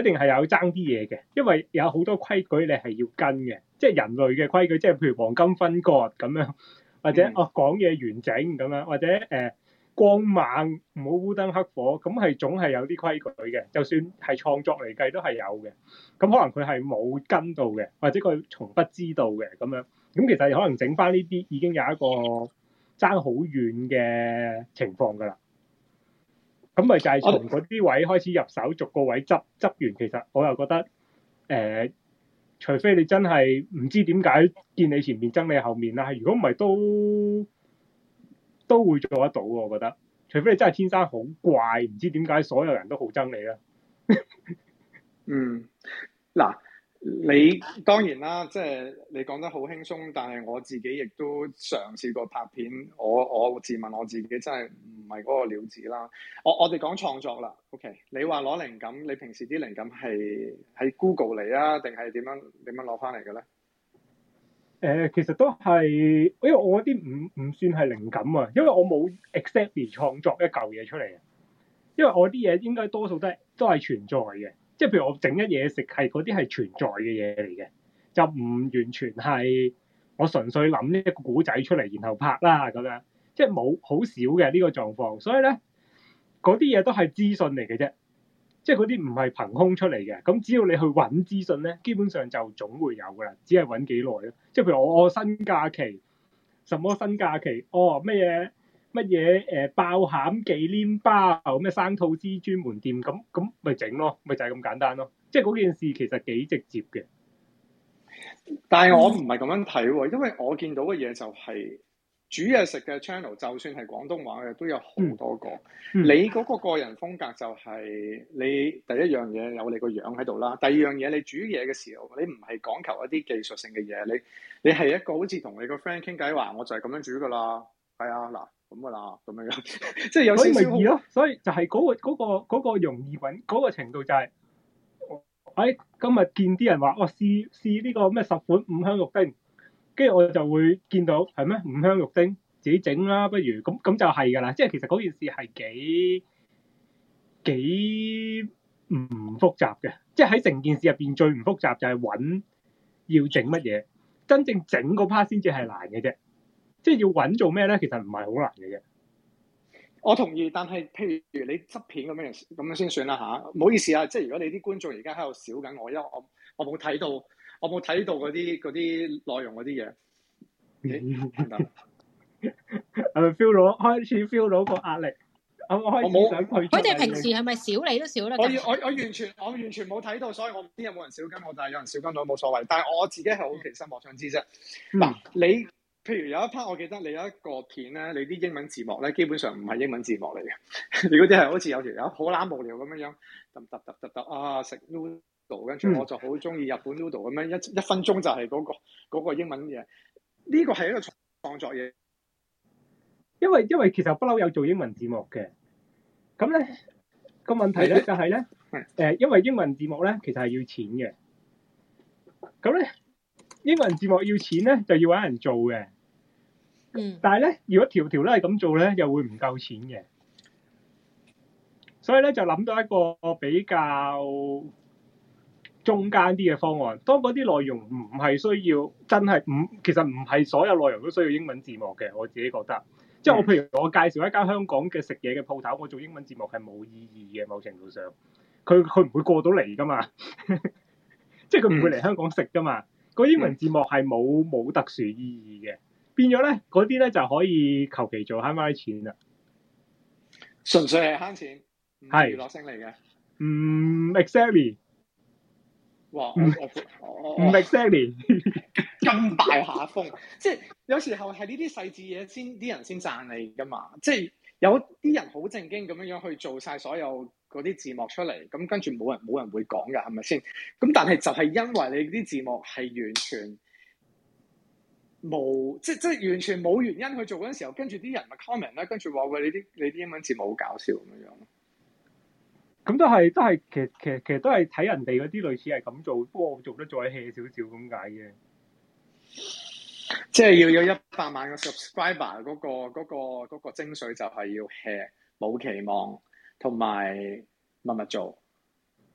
一定係有爭啲嘢嘅，因為有好多規矩你係要跟嘅，即係人類嘅規矩，即係譬如黃金分割咁樣，或者哦講嘢完整咁樣，或者誒。呃光猛唔好烏燈黑火，咁係總係有啲規矩嘅。就算係創作嚟計都係有嘅。咁可能佢係冇跟到嘅，或者佢從不知道嘅咁樣。咁其實可能整翻呢啲已經有一個爭好遠嘅情況㗎啦。咁咪就係從嗰啲位開始入手，逐個位執，執完，其實我又覺得誒、呃，除非你真係唔知點解見你前面爭你後面啦。如果唔係都～都會做得到我覺得，除非你真係天生好怪，唔知點解所有人都好憎你啦。 嗯，嗱，你當然啦，即係你講得好輕鬆，但係我自己亦都嘗試過拍片，我我自問我自己真係唔係嗰個料子啦。我我哋講創作啦，OK？你話攞靈感，你平時啲靈感係喺 Google 嚟啊，定係點樣點樣攞翻嚟嘅咧？誒、呃，其實都係，因為我啲唔唔算係靈感啊，因為我冇 exactly 創作一嚿嘢出嚟。因為我啲嘢應該多數都係都係存在嘅，即係譬如我整一嘢食，係嗰啲係存在嘅嘢嚟嘅，就唔完全係我純粹諗呢一個古仔出嚟然後拍啦咁樣，即係冇好少嘅呢、這個狀況，所以咧嗰啲嘢都係資訊嚟嘅啫。即係嗰啲唔係憑空出嚟嘅，咁只要你去揾資訊咧，基本上就總會有噶啦。只係揾幾耐咯。即係譬如我我新假期，什麼新假期？哦，乜嘢乜嘢誒爆餡忌廉包，咩生吐司專門店咁咁，咪整咯，咪就係咁簡單咯。即係嗰件事其實幾直接嘅。但係我唔係咁樣睇喎，因為我見到嘅嘢就係。煮嘢食嘅 channel，就算係廣東話嘅都有好多個。嗯嗯、你嗰個個人風格就係、是、你第一樣嘢有你個樣喺度啦，第二樣嘢你煮嘢嘅時候，你唔係講求一啲技術性嘅嘢，你你係一個好似同你個 friend 傾偈話，我就係咁樣煮噶啦，係啊嗱咁噶啦咁樣，即係 有。啲以易咯，所以就係嗰、那個嗰、那個那個、容易揾嗰、那個程度就係、是，喺、哎、今日見啲人話我、哦、試試呢個咩十款五香肉丁。跟住我就會見到係咩五香肉丁自己整啦，不如咁咁就係㗎啦。即係其實嗰件事係幾幾唔複雜嘅，即係喺成件事入邊最唔複雜就係揾要整乜嘢，真正整嗰 part 先至係難嘅啫。即係要揾做咩咧？其實唔係好難嘅啫。我同意，但係譬如你執片咁樣，咁樣先算啦吓，唔好意思啊，即係如果你啲觀眾而家喺度笑緊我，因為我我冇睇到。我冇睇到嗰啲啲內容嗰啲嘢，係咪 feel 到開始 feel 到個壓力？我冇佢哋平時係咪笑你都笑啦？我我我完全我完全冇睇到，所以我唔知有冇人笑緊我，但係有人笑緊我都冇所謂。但係我自己係好奇心，我想知啫。嗱、嗯，你譬如有一 part，我記得你有一個片咧，你啲英文字幕咧，基本上唔係英文字幕嚟嘅。如果啲係好似有條友好懶無聊咁樣樣，揼揼揼揼啊食道，跟住我就好中意日本 udo 咁樣，一一分鐘就係嗰個嗰個英文嘢，呢個係一個創作嘢，因為因為其實不嬲有做英文字幕嘅。咁咧個問題咧就係咧，誒，因為英文字幕咧其實係要錢嘅，咁咧英文字幕要錢咧就要揾人做嘅，嗯，但係咧如果條條都係咁做咧，又會唔夠錢嘅，所以咧就諗到一個比較。中間啲嘅方案，當嗰啲內容唔係需要真係唔，其實唔係所有內容都需要英文字幕嘅。我自己覺得，即係我、嗯、譬如我介紹一間香港嘅食嘢嘅鋪頭，我做英文字幕係冇意義嘅。某程度上，佢佢唔會過到嚟噶嘛， 即係佢唔會嚟香港食噶嘛。嗰、嗯、英文字幕係冇冇特殊意義嘅，變咗咧嗰啲咧就可以求其做慳翻啲錢啦。純粹係慳錢，係，娛樂性嚟嘅。唔 exactly 我唔力三年，甘拜下風。即係有時候係呢啲細節嘢先，啲人先讚你噶嘛。即係有啲人好正經咁樣樣去做曬所有嗰啲字幕出嚟，咁跟住冇人冇人會講噶，係咪先？咁但係就係因為你啲字幕係完全冇，即即係完全冇原因去做嗰陣時候，跟住啲人咪 comment 咧，跟住話喂，你啲你啲英文字幕好搞笑咁樣。咁都係，都係，其實其實其實都係睇人哋嗰啲類似係咁做，不過我做得再 hea 少少咁解嘅。即係要有一百萬個 subscriber，嗰個嗰個嗰個精髓就係要 hea，冇期望，同埋默默做。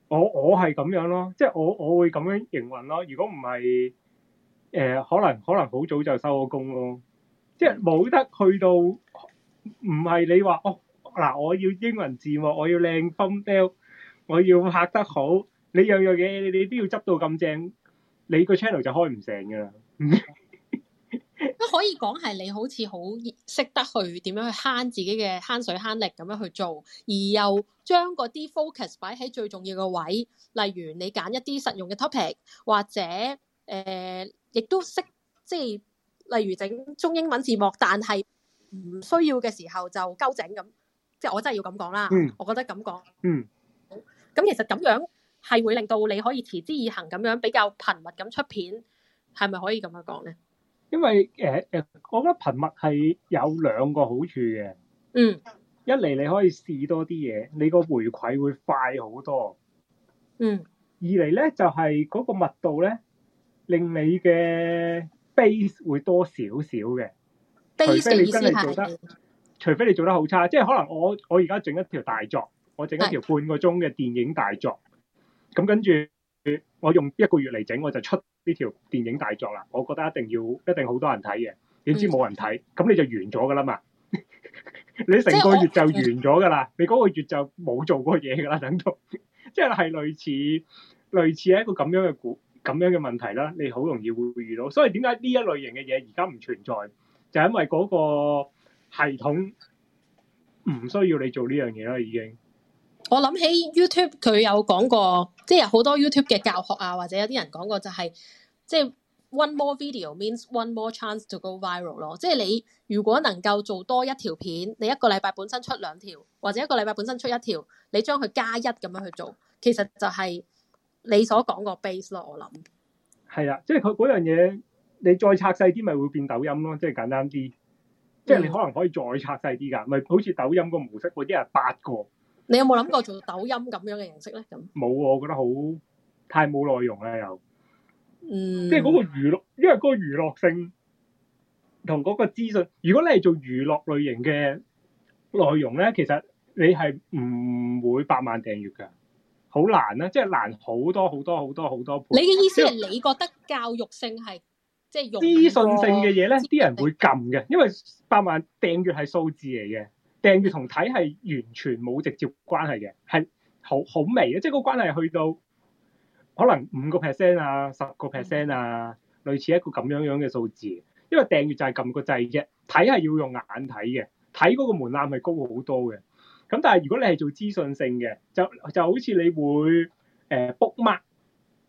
我我係咁樣咯，即係我我會咁樣營運咯。如果唔係，誒可能可能好早就收咗工咯。即係冇得去到，唔係你話我。嗱，我要英文字幕，我要靚 thumbnail 我要拍得好，你樣樣嘢你你都要執到咁正，你個 channel 就開唔成噶啦。都 可以講係你好似好識得去點樣去慳自己嘅慳水慳力咁樣去做，而又將嗰啲 focus 擺喺最重要嘅位，例如你揀一啲實用嘅 topic，或者誒，亦、呃、都識即係，例如整中英文字幕，但係唔需要嘅時候就鳩整咁。即係我真係要咁講啦，嗯、我覺得咁講，咁、嗯嗯、其實咁樣係會令到你可以持之以恆咁樣比較頻密咁出片，係咪可以咁樣講咧？因為誒誒、呃呃，我覺得頻密係有兩個好處嘅，嗯，一嚟你可以試多啲嘢，你個回饋會快好多，嗯，二嚟咧就係、是、嗰個密度咧令你嘅 base 會多少少嘅，除非你真做得、嗯。嗯嗯除非你做得好差，即係可能我我而家整一條大作，我整一條半個鐘嘅電影大作，咁跟住我用一個月嚟整，我就出呢條電影大作啦。我覺得一定要一定好多人睇嘅，點知冇人睇，咁、嗯、你就完咗噶啦嘛！ 你成個月就完咗噶啦，你嗰個月就冇做過嘢噶啦，等到即係係類似類似一個咁樣嘅故咁樣嘅問題啦。你好容易會遇到，所以點解呢一類型嘅嘢而家唔存在，就係因為嗰、嗰個。系統唔需要你做呢樣嘢啦，已經。我諗起 YouTube 佢有講過，即係好多 YouTube 嘅教學啊，或者有啲人講過就係，即係 one more video means one more chance to go viral 咯。即係你如果能夠做多一條片，你一個禮拜本身出兩條，或者一個禮拜本身出一條，你將佢加一咁樣去做，其實就係你所講個 base 咯。我諗係啊，即係佢嗰樣嘢，你再拆細啲咪會變抖音咯，即係簡單啲。嗯、即係你可能可以再拆細啲噶，咪好似抖音個模式，嗰啲係八個。你有冇諗過做抖音咁樣嘅形式咧？咁冇喎，我覺得好太冇內容啦，又，嗯，即係嗰個娛樂，因為嗰個娛樂性同嗰個資訊，如果你係做娛樂類型嘅內容咧，其實你係唔會百萬訂閱噶，好難啦，即係難好多好多好多好多、多、多倍。你嘅意思係你覺得教育性係？即係資訊性嘅嘢咧，啲人會撳嘅，因為百萬訂閱係數字嚟嘅，訂閱同睇係完全冇直接關係嘅，係好好微嘅，即係個關係去到可能五個 percent 啊、十個 percent 啊，嗯、類似一個咁樣樣嘅數字。因為訂閱就係撳個掣啫，睇係要用眼睇嘅，睇嗰個門檻係高好多嘅。咁但係如果你係做資訊性嘅，就就好似你會誒 book mark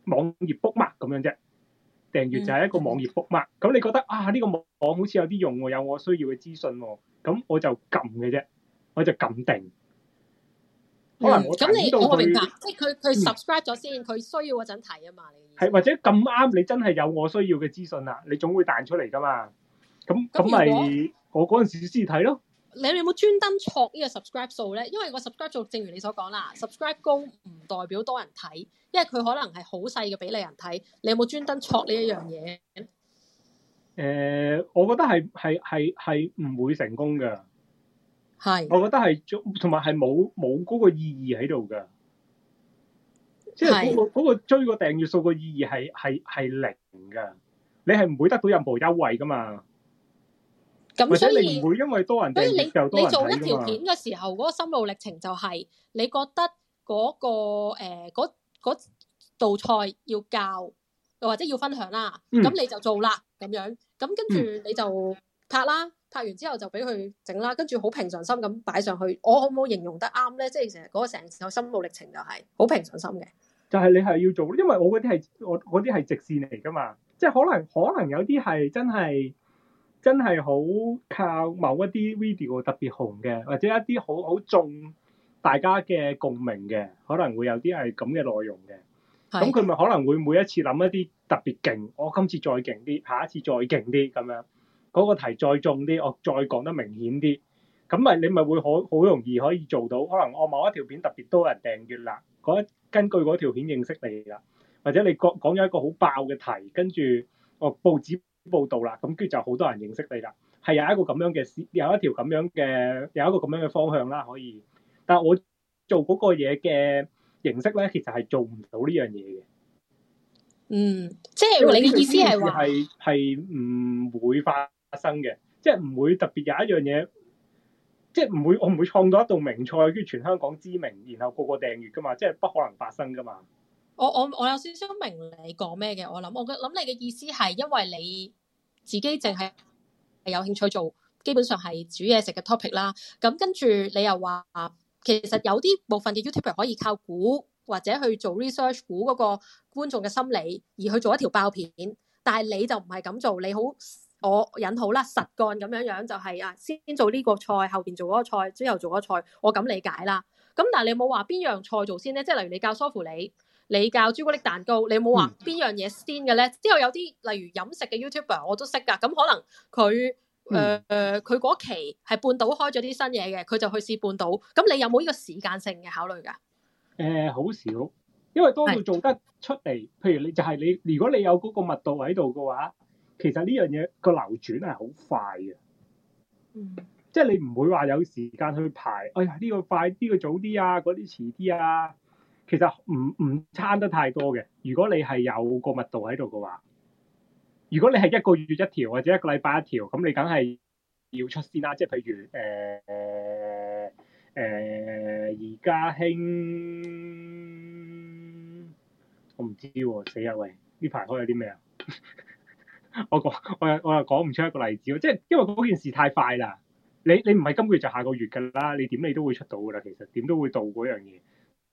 網頁 book mark 咁樣啫。訂閱就係一個網頁服務，咁你覺得啊呢個網好似有啲用喎，有我需要嘅資訊喎，咁我就撳嘅啫，我就撳定。可能我睇到佢，即係佢佢 subscribe 咗先，佢需要嗰陣睇啊嘛。係或者咁啱，你真係有我需要嘅資訊啊，你總會彈出嚟噶嘛。咁咁咪我嗰陣時先睇咯。你有冇專登拓呢個 subscribe 數咧？因為個 subscribe 數正如你所講啦，subscribe 高唔代表多人睇，因為佢可能係好細嘅比例人睇。你有冇專登拓呢一樣嘢咧？誒，我覺得係係係係唔會成功嘅。係是，我覺得係同埋係冇冇嗰個意義喺度㗎。即係嗰個嗰個追個訂閱數個意義係係係零㗎。你係唔會得到任何優惠㗎嘛？咁所以會因為多人睇，所以你所以你做一條片嘅時候，嗰 個心路歷程就係你覺得嗰、嗰個、呃、道菜要教，又或者要分享啦，咁、嗯、你就做啦咁樣，咁跟住你就拍啦，嗯、拍完之後就俾佢整啦，跟住好平常心咁擺上去，我可唔可以形容得啱咧？即係成日個成個心路歷程就係好平常心嘅。就係你係要做，因為我嗰啲係我嗰啲係直線嚟噶嘛，即係可能可能有啲係真係。真係好靠某一啲 video 特別紅嘅，或者一啲好好重大家嘅共鳴嘅，可能會有啲係咁嘅內容嘅。咁佢咪可能會每一次諗一啲特別勁，我今次再勁啲，下一次再勁啲咁樣，嗰個題再重啲，我再講得明顯啲。咁咪你咪會好好容易可以做到。可能我某一條片特別多人訂閱啦，嗰根據嗰條片認識你啦，或者你講講咗一個好爆嘅題，跟住我報紙，報道啦，咁跟住就好多人認識你啦，係有一個咁樣嘅，有一條咁樣嘅，有一個咁樣嘅方向啦，可以。但係我做嗰個嘢嘅形式咧，其實係做唔到呢樣嘢嘅。嗯，即係你嘅意思係話係係唔會發生嘅，即係唔會特別有一樣嘢，即係唔會我唔會創造一道名菜，跟住全香港知名，然後個個訂閱噶嘛，即係不可能發生噶嘛。我我我有先想明你講咩嘅。我諗我諗你嘅意思係，因為你自己淨係係有興趣做，基本上係煮嘢食嘅 topic 啦。咁跟住你又話，其實有啲部分嘅 YouTuber 可以靠估或者去做 research，估嗰個觀眾嘅心理而去做一條爆片。但係你就唔係咁做，你我忍好我引好啦，實幹咁樣樣就係啊，先做呢個菜，後邊做嗰個菜，之後做嗰個菜。我咁理解啦。咁但係你冇話邊樣菜做先咧？即係例如你教梳乎你。你教朱古力蛋糕，你有冇話邊樣嘢先嘅咧？嗯、之後有啲例如飲食嘅 YouTuber 我都識噶，咁可能佢誒誒佢嗰期係半島開咗啲新嘢嘅，佢就去試半島。咁你有冇呢個時間性嘅考慮噶？誒、呃，好少，因為當佢做得出嚟，是譬如你就係你，如果你有嗰個密度喺度嘅話，其實呢樣嘢個流轉係好快嘅。嗯，即係你唔會話有時間去排。哎呀，呢、這個快啲，個早啲啊，嗰啲遲啲啊。其實唔唔差得太多嘅。如果你係有個密度喺度嘅話，如果你係一個月一條或者一個禮拜一條，咁你梗係要先出先啦。即係譬如誒誒而家興，我唔知喎，啊，死啊喂！呢排開咗啲咩啊？我講我我又講唔出一個例子喎。即係因為嗰件事太快啦。你你唔係今個月就下個月㗎啦。你點你都會出到㗎啦。其實點都會到嗰樣嘢。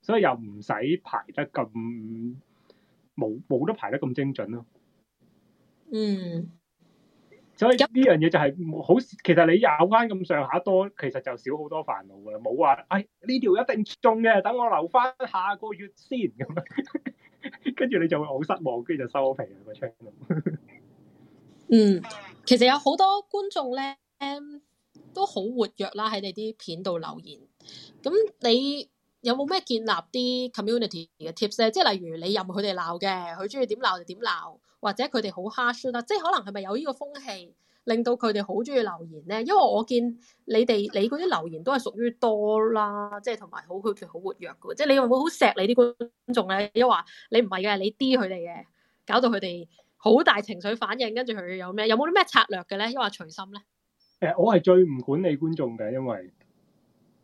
所以又唔使排得咁冇冇得排得咁精準咯。嗯。所以呢樣嘢就係、是、好，其實你有翻咁上下多，其實就少好多煩惱嘅，冇話誒呢條一定中嘅，等我留翻下個月先咁。跟住 你就會好失望，跟住就收皮啊、個 channel。 嗯，其實有好多觀眾咧，都好活躍啦，喺你啲片度留言。咁你？有冇咩建立啲 community 嘅 tips 咧？即係例如你任佢哋鬧嘅，佢中意點鬧就點鬧，或者佢哋好 hurtful 啦，即係可能係咪有呢個風氣令到佢哋好中意留言咧？因為我見你哋你嗰啲留言都係屬於多啦，即係同埋好活躍、好活躍嘅。即係你會唔會好錫你啲觀眾咧？一話你唔係嘅，你 d 佢哋嘅，搞到佢哋好大情緒反應，跟住佢有咩？有冇啲咩策略嘅咧？一話隨心咧？誒，我係最唔管理觀眾嘅，因為。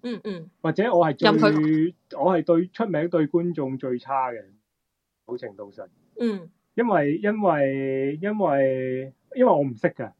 嗯嗯，嗯或者我係最他我係對出名對觀眾最差嘅，好程度上，嗯因，因為因為因為因為我唔識㗎，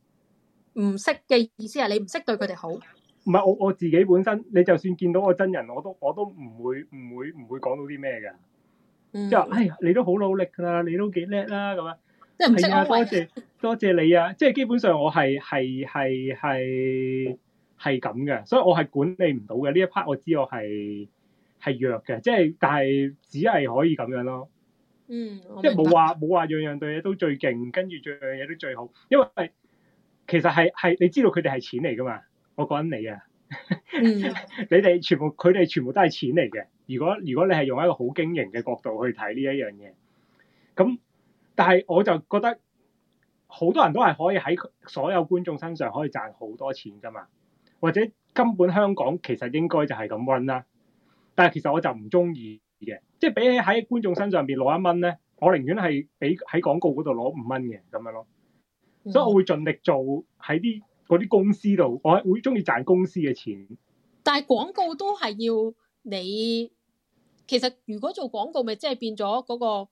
唔識嘅意思係你唔識對佢哋好，唔係我我自己本身，你就算見到我真人，我都我都唔會唔會唔會講到啲咩㗎，即係、嗯，哎你都好努力㗎啦，你都幾叻啦，咁啊、嗯，即係唔識我，多、嗯、謝多謝,謝,謝你啊，即係基本上我係係係係。係咁嘅，所以我係管理唔到嘅呢一 part。我知我係係弱嘅，即係但係只係可以咁樣咯。嗯，即係冇話冇話樣樣對嘢都最勁，跟住最樣嘢都最好，因為其實係係你知道佢哋係錢嚟噶嘛。我講緊你啊， 嗯、 你哋全部佢哋全部都係錢嚟嘅。如果如果你係用一個好經營嘅角度去睇呢一樣嘢，咁但係我就覺得好多人都係可以喺所有觀眾身上可以賺好多錢噶嘛。或者根本香港其實應該就係咁 run 啦，但係其實我就唔中意嘅，即係比起喺觀眾身上邊攞一蚊咧，我寧願係俾喺廣告嗰度攞五蚊嘅咁樣咯，所以我會盡力做喺啲嗰啲公司度，我會中意賺公司嘅錢，嗯、但係廣告都係要你，其實如果做廣告，咪即係變咗嗰個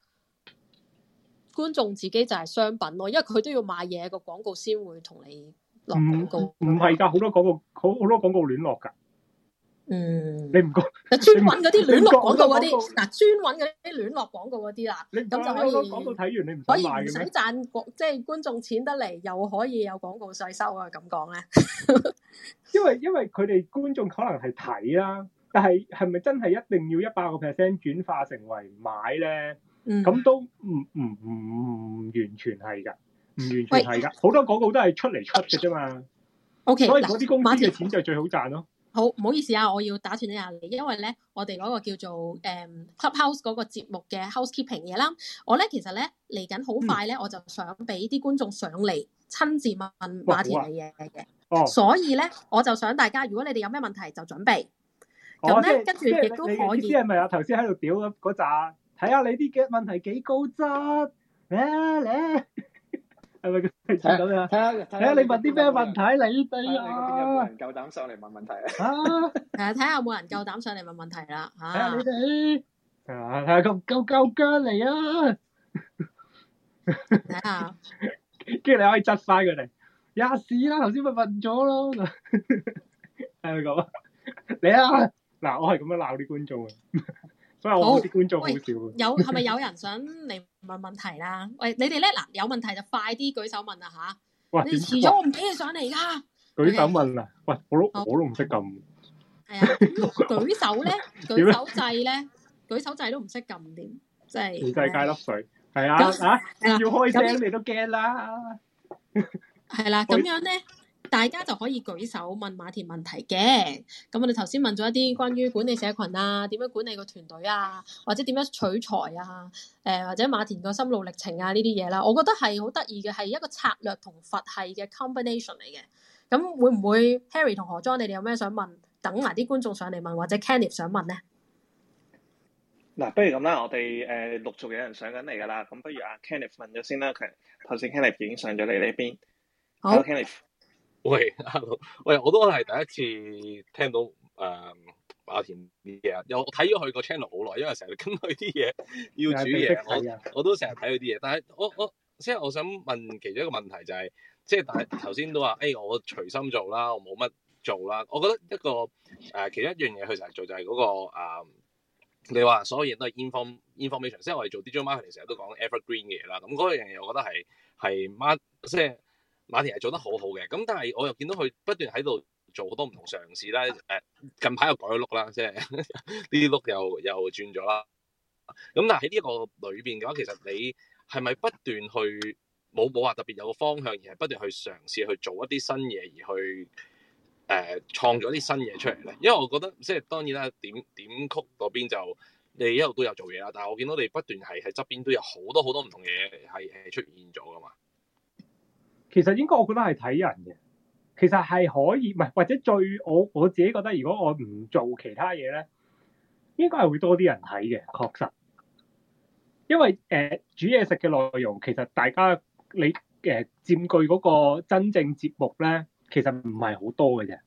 觀眾自己就係商品咯，因為佢都要買嘢，嗰個廣告先會同你。唔唔係噶，好多廣告，好好多廣告聯絡噶。嗯。你唔不講？專揾嗰啲聯絡廣告嗰啲，嗱專揾嗰啲聯絡廣告嗰啲啦。你咁不就可以廣告睇完你，你唔可以唔使賺即係觀眾錢得嚟，又可以有廣告稅收啊？咁講咧？因為因為佢哋觀眾可能係睇啦，但係係咪真係一定要一百個 percent 轉化成為買咧？咁、嗯、都唔唔唔唔完全係噶。唔完全係噶，好多廣告都係出嚟出嘅啫嘛。O K，所以嗰啲公版嘅錢就最好賺咯。好唔好意思啊，我要打斷一下你，因為咧我哋嗰個叫做誒 Clubhouse 嗰個節目嘅 Housekeeping 嘢啦。我咧其實咧嚟緊好快咧，我就想俾啲觀眾上嚟親自問馬田嘅嘢嘅。所以咧我就想大家，如果你哋有咩問題就準備。咁咧跟住亦都可以。呢係咪啊？頭先喺度屌嗰嗰陣，睇下你啲嘅問題幾高質？嚟嚟。係咪咁樣？睇下，睇下你問啲咩問題？你哋啊，有冇人夠膽上嚟問問題啊！係啊，睇下有冇人夠膽上嚟問問題啦！睇下你哋係嘛？睇下夠夠夠姜嚟啊！睇下，跟住你可以窒晒佢哋，吔屎啦！頭先咪問咗咯，係咪咁？你啊！嗱，我係咁樣鬧啲觀眾啊！所以，我啲觀眾好少。有係咪有人想嚟問問題啦？喂，你哋咧嗱，有問題就快啲舉手問啊！吓。你遲咗，我唔俾佢上嚟噶。舉手問啊！喂，我都我都唔識撳。係啊，舉手咧，舉手掣咧，舉手掣都唔識撳點，即係。全世界粒水，係啊啊！要開聲你都驚啦。係啦，咁樣咧。大家就可以舉手問馬田問題嘅。咁我哋頭先問咗一啲關於管理社群啊，點樣管理個團隊啊，或者點樣取材啊，誒、呃、或者馬田個心路歷程啊呢啲嘢啦。我覺得係好得意嘅，係一個策略同佛系嘅 combination 嚟嘅。咁會唔會 Harry 同何莊，你哋有咩想問？等埋啲觀眾上嚟問，或者 Kenneth 想問咧。嗱、啊，不如咁啦，我哋誒、呃、陸續有人上緊嚟㗎啦。咁不如阿 Kenneth 問咗先啦。佢頭先 Kenneth 已經上咗嚟呢一邊，好 Kenneth 喂，hello，喂，我都係第一次聽到誒、呃、馬田啲嘢啊！又我睇咗佢個 channel 好耐，因為成日跟佢啲嘢，要煮嘢，我我都成日睇佢啲嘢。但係我我即係我想問其中一個問題就係、是，即係頭先都話誒、哎，我隨心做啦，我冇乜做啦。我覺得一個誒、呃，其中一樣嘢佢成日做就係嗰、那個、呃、你話所有嘢都係 inform information，即係我哋做 digital marketing 成日都講 evergreen 嘅嘢啦。咁嗰樣嘢我覺得係係 must 即係。馬田係做得好好嘅，咁但係我又見到佢不斷喺度做好多唔同嘗試啦。誒，近排又改咗碌啦，即係呢啲碌又又轉咗啦。咁但係喺呢一個裏邊嘅話，其實你係咪不斷去冇冇話特別有個方向，而係不斷去嘗試去做一啲新嘢，而去誒、呃、創咗啲新嘢出嚟咧？因為我覺得即係、就是、當然啦，點點曲嗰邊就你一路都有做嘢啦，但係我見到你不斷係喺側邊都有好多好多唔同嘢係係出現咗㗎嘛。其實應該我覺得係睇人嘅。其實係可以，唔係或者最我我自己覺得，如果我唔做其他嘢咧，應該係會多啲人睇嘅。確實，因為誒、呃、煮嘢食嘅內容其實大家你誒、呃、佔據嗰個真正節目咧，其實唔係好多嘅啫。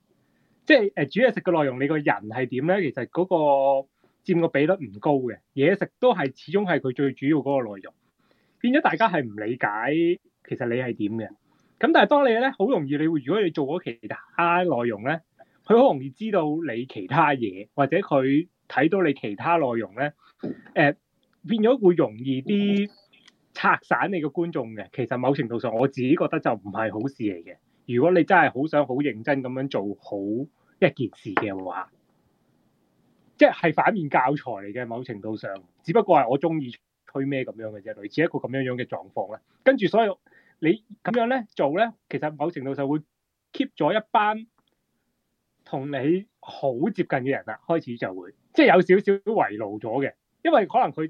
即係誒、呃、煮嘢食嘅內容，你個人係點咧？其實嗰個佔個比率唔高嘅，嘢食都係始終係佢最主要嗰個內容，變咗大家係唔理解其實你係點嘅。咁但係當你咧好容易，你會如果你做咗其他內容咧，佢好容易知道你其他嘢，或者佢睇到你其他內容咧，誒、呃、變咗會容易啲拆散你嘅觀眾嘅。其實某程度上我自己覺得就唔係好事嚟嘅。如果你真係好想好認真咁樣做好一件事嘅話，即係反面教材嚟嘅。某程度上，只不過係我中意推咩咁樣嘅啫，類似一個咁樣樣嘅狀況啦。跟住所以。你咁樣咧做咧，其實某程度上會 keep 咗一班同你好接近嘅人啦。開始就會，即係有少少圍爐咗嘅，因為可能佢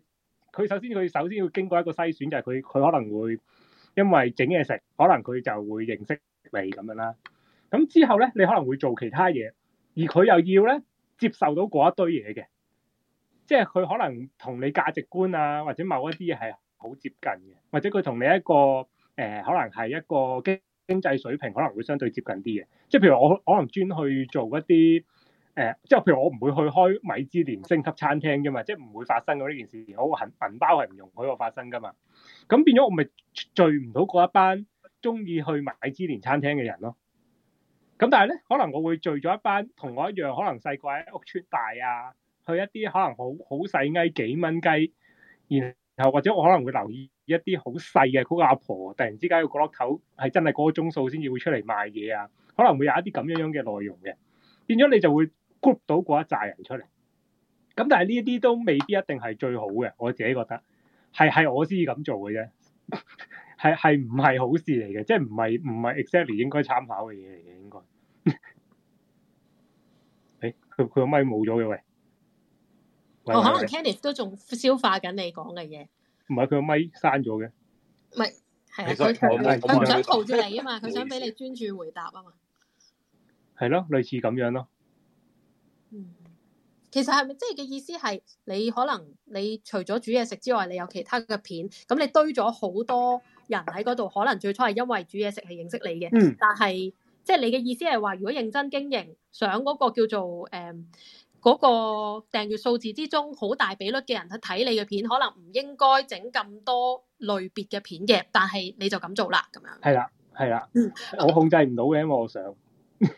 佢首先佢首先要經過一個篩選，就係佢佢可能會因為整嘢食，可能佢就會認識你咁樣啦。咁之後咧，你可能會做其他嘢，而佢又要咧接受到嗰一堆嘢嘅，即係佢可能同你價值觀啊或者某一啲嘢係好接近嘅，或者佢同你一個。誒、呃、可能係一個經經濟水平可能會相對接近啲嘅，即係譬如我可能專去做一啲誒、呃，即係譬如我唔會去開米芝蓮星級餐廳㗎嘛，即係唔會發生過呢件事，我銀銀包係唔容許我發生㗎嘛。咁變咗我咪聚唔到嗰一班中意去米芝蓮餐廳嘅人咯。咁但係咧，可能我會聚咗一班同我一樣，可能細個喺屋邨大啊，去一啲可能好好細雞幾蚊雞，然。或者我可能會留意一啲好細嘅嗰個阿婆，婆，突然之間個角落頭係真係嗰個鐘數先至會出嚟賣嘢啊，可能會有一啲咁樣樣嘅內容嘅，變咗你就會 group 到嗰一紮人出嚟。咁但係呢一啲都未必一定係最好嘅，我自己覺得係係我先咁做嘅啫，係係唔係好事嚟嘅，即係唔係唔係 exactly 應該參考嘅嘢嚟嘅應該。誒、 哎，佢佢個咪冇咗嘅喂。我、哦、可能 k e n n i c e 都仲消化緊你講嘅嘢。唔係，佢個麥閂咗嘅。唔係，佢唔、啊、想逃住你啊嘛，佢 想俾你專注回答啊嘛。係咯，類似咁樣咯。嗯，其實係咪即係嘅意思係你可能你除咗煮嘢食之外，你有其他嘅片，咁你堆咗好多人喺嗰度，可能最初係因為煮嘢食係認識你嘅。嗯。但係，即、就、係、是、你嘅意思係話，如果認真經營，想嗰個叫做誒。嗯嗰個訂閱數字之中，好大比率嘅人去睇你嘅片，可能唔應該整咁多類別嘅片嘅，但係你就咁做啦，咁樣。係啦，係啦，嗯、我控制唔到嘅，因為我想。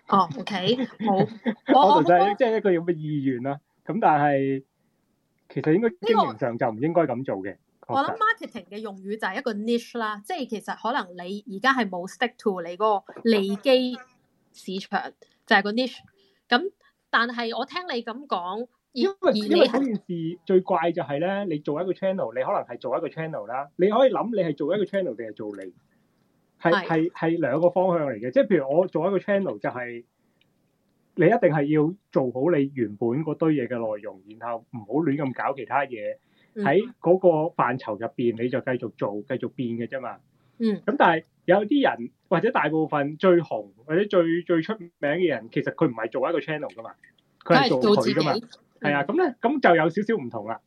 哦，OK，好。哦、 我控制即係一個咁嘅意願啦，咁、哦、但係其實應該經營上就唔應該咁做嘅。這個、實我諗 marketing 嘅用語就係一個 niche 啦，即係其實可能你而家係冇 stick to 你嗰個利基市場，就係、是、個 niche 咁。但係我聽你咁講，因為嗰件事最怪就係咧，你做一個 channel，你可能係做一個 channel 啦，你可以諗你係做一個 channel 定係做你，係係係兩個方向嚟嘅。即係譬如我做一個 channel，就係你一定係要做好你原本嗰堆嘢嘅內容，然後唔好亂咁搞其他嘢。喺嗰個範疇入邊，你就繼續做，繼續變嘅啫嘛。嗯。咁但係有啲人。或者大部分最紅或者最最出名嘅人，其實佢唔係做一個 channel 噶嘛，佢係做佢噶嘛，係啊，咁咧，咁就有少少唔同啦。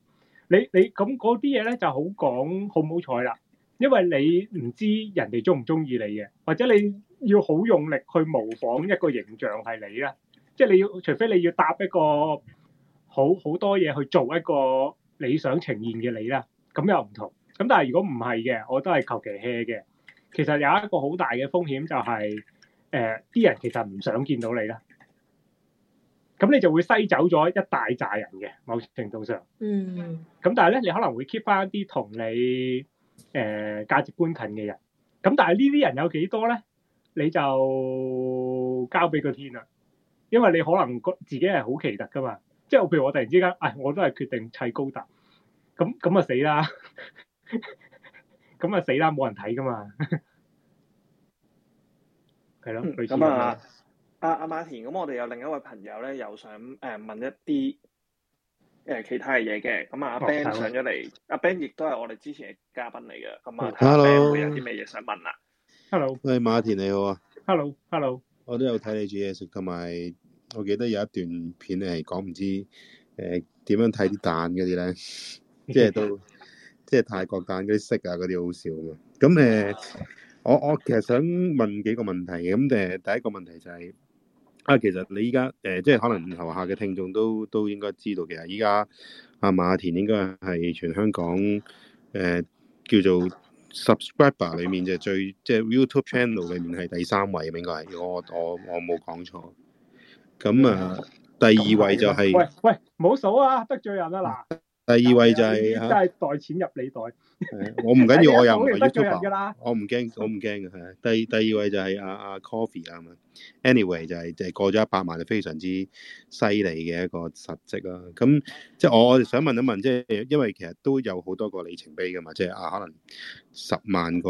你你咁嗰啲嘢咧，就好講好唔好彩啦，因為你唔知人哋鍾唔鍾意你嘅，或者你要好用力去模仿一個形象係你咧，即係你要除非你要搭一個好好多嘢去做一個理想呈現嘅你啦，咁又唔同。咁但係如果唔係嘅，我都係求其 hea 嘅。其實有一個好大嘅風險就係、是，誒、呃、啲人其實唔想見到你啦，咁你就會篩走咗一大扎人嘅，某程度上。嗯。咁但係咧，你可能會 keep 翻啲同你誒、呃、價值觀近嘅人，咁但係呢啲人有幾多咧？你就交俾個天啦，因為你可能個自己係好奇特㗎嘛，即、就、係、是、譬如我突然之間，哎，我都係決定砌高達，咁咁啊死啦！ 咁啊死啦，冇人睇㗎嘛，係咯。咁啊，阿阿馬田，咁我哋有另一位朋友咧，又想誒問一啲誒其他嘅嘢嘅。咁啊，阿 Ben 上咗嚟，阿 Ben 亦都係我哋之前嘅嘉賓嚟嘅。咁啊，阿 Ben 有啲咩嘢想問啊？Hello，喂，馬田你好啊。Hello，Hello。我都有睇你煮嘢食，同埋我記得有一段片係講唔知誒點樣睇啲蛋嗰啲咧，即係都。即係泰國間嗰啲色啊，嗰啲好少啊嘛！咁誒，我我其實想問幾個問題。咁誒，第一個問題就係、是、啊，其實你依家誒，即係可能頭下嘅聽眾都都應該知道，其實依家阿馬田應該係全香港誒、呃、叫做 subscriber 裏面就最即係 YouTube channel 裏面係第三位，應該係我我我冇講錯。咁啊、呃，第二位就係、是、喂喂，冇數啊，得罪人啊嗱！第二位就係、是、吓，就係袋錢入你袋 嗯。我唔緊要我，我又唔 y o u t u b 啦。我唔驚，我唔驚嘅係。第二第二位就係阿阿 Coffee 啊嘛。Anyway 就係即係過咗一百萬，就非常之犀利嘅一個實績啦。咁即係我想問一問，即、就、係、是、因為其實都有好多個里程碑噶嘛。即、就、係、是、啊，可能十萬個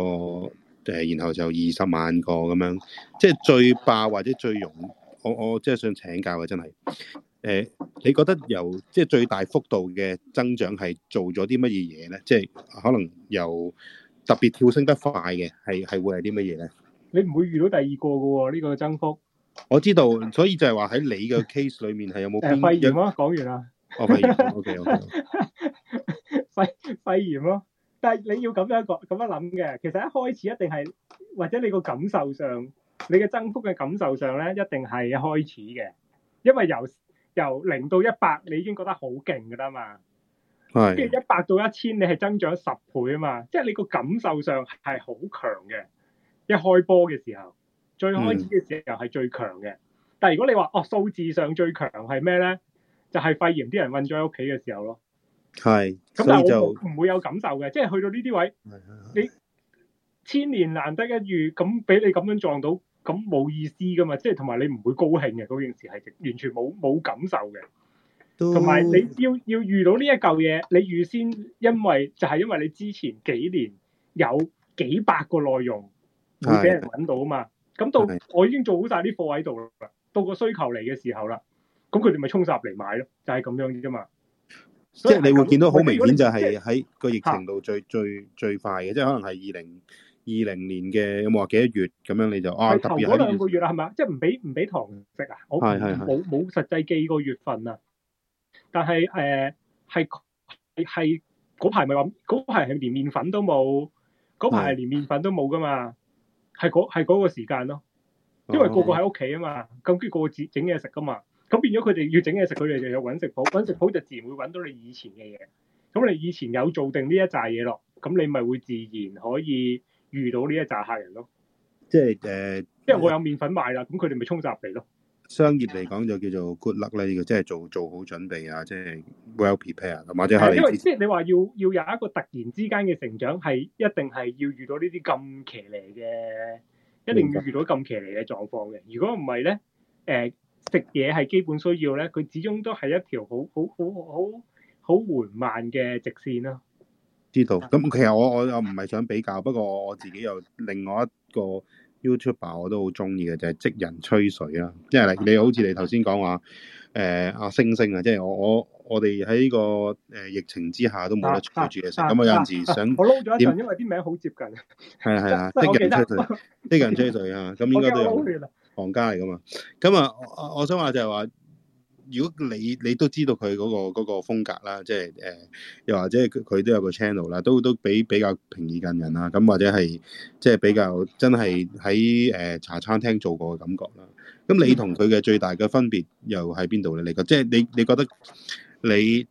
誒，然後就二十萬個咁樣。即、就、係、是、最爆或者最容，我我即係想請教嘅，真係。誒、呃，你覺得由即係最大幅度嘅增長係做咗啲乜嘢嘢咧？即係可能由特別跳升得快嘅，係係會係啲乜嘢咧？你唔會遇到第二個噶喎、哦？呢、呢個增幅我知道，所以就係話喺你嘅 case 裏面係有冇肺炎咯？講完啦，哦肺炎 OK，肺炎肺炎咯。但係你要咁樣講咁樣諗嘅，其實一開始一定係或者你個感受上，你嘅增幅嘅感受上咧，一定係開始嘅，因為由由零到一百，你已經覺得好勁嘅啦嘛，跟住的一百到一千，你係增長十倍啊嘛，即係你個感受上係好強嘅。一開波嘅時候，最開始嘅時候係最強嘅。嗯、但係如果你話哦數字上最強係咩咧？就係、是、肺炎啲人困咗喺屋企嘅時候咯。係，咁但係我唔會有，有感受嘅，即係去到呢啲位，的你千年難得一遇，咁俾你咁樣撞到。咁冇意思㗎嘛，即係同埋你唔會高興嘅嗰件事係完全冇冇感受嘅。同埋都你要要遇到呢一嚿嘢，你預先因為就係、是、因為你之前幾年有幾百個內容會俾人揾到啊嘛，咁是的 到我已經做好晒啲貨喺度啦，到個需求嚟嘅時候啦，咁佢哋咪衝入嚟買咯，就係、是、咁樣嘅啫嘛。所以即係你會見到好明顯就係喺個疫情度最、啊、最最，最快嘅，即係可能係二零。二零年嘅有冇話幾多月咁樣？你就啊係頭嗰兩個月啊，係咪啊？即係唔俾唔俾糖食啊？我冇冇是實際記個月份啊。但係誒係係嗰排咪話嗰排係連麵粉都冇嗰排係連麵粉都冇噶嘛？係嗰係嗰個時間咯，因為個個喺屋企啊嘛，咁跟住個個自整嘢食噶嘛，咁變咗佢哋要整嘢食，佢哋就要揾食譜，揾食譜就自然會揾到你以前嘅嘢。咁你以前有做定呢一紮嘢咯，咁你咪會自然可以。遇到呢一紮客人咯，即係，誒，即係我有麵粉賣啦，咁佢哋咪衝閘嚟咯。商業嚟講就叫做 good luck 啦，呢個即係做做好準備啊，即係 well prepared，或者係因為即係你話要要有一個突然之間嘅成長，係一定係要遇到呢啲咁騎呢嘅，一定要遇到咁騎呢嘅狀況嘅。如果唔係咧，誒，食嘢係基本需要咧，佢始終都係一條好好好好好緩慢嘅直線咯。知道咁，其實我我又唔係想比較，不過我自己又另外一個 YouTuber 我都好中意嘅就係、是、職人吹水啦，即係、就是、你好似你頭先講話，誒、欸、阿星星啊，即、就、係、是、我我我哋喺呢個誒疫情之下都冇得出煮嘢食，咁、啊、我有陣時想點，啊啊、因為啲名好接近，係啊係啊，職、啊、 得人吹水，職 人吹水啊，咁應該都有行家嚟噶嘛，咁、嗯、啊，我，我想話就係話。如果你你都知道佢嗰個嗰個風格啦，即係誒、呃，又或者佢都有個 channel 啦，都都比比較平易近人啦，咁或者係即係比較真係喺誒茶餐廳做過嘅感覺啦。咁你同佢嘅最大嘅分別又喺邊度咧？你覺得即係你你覺得你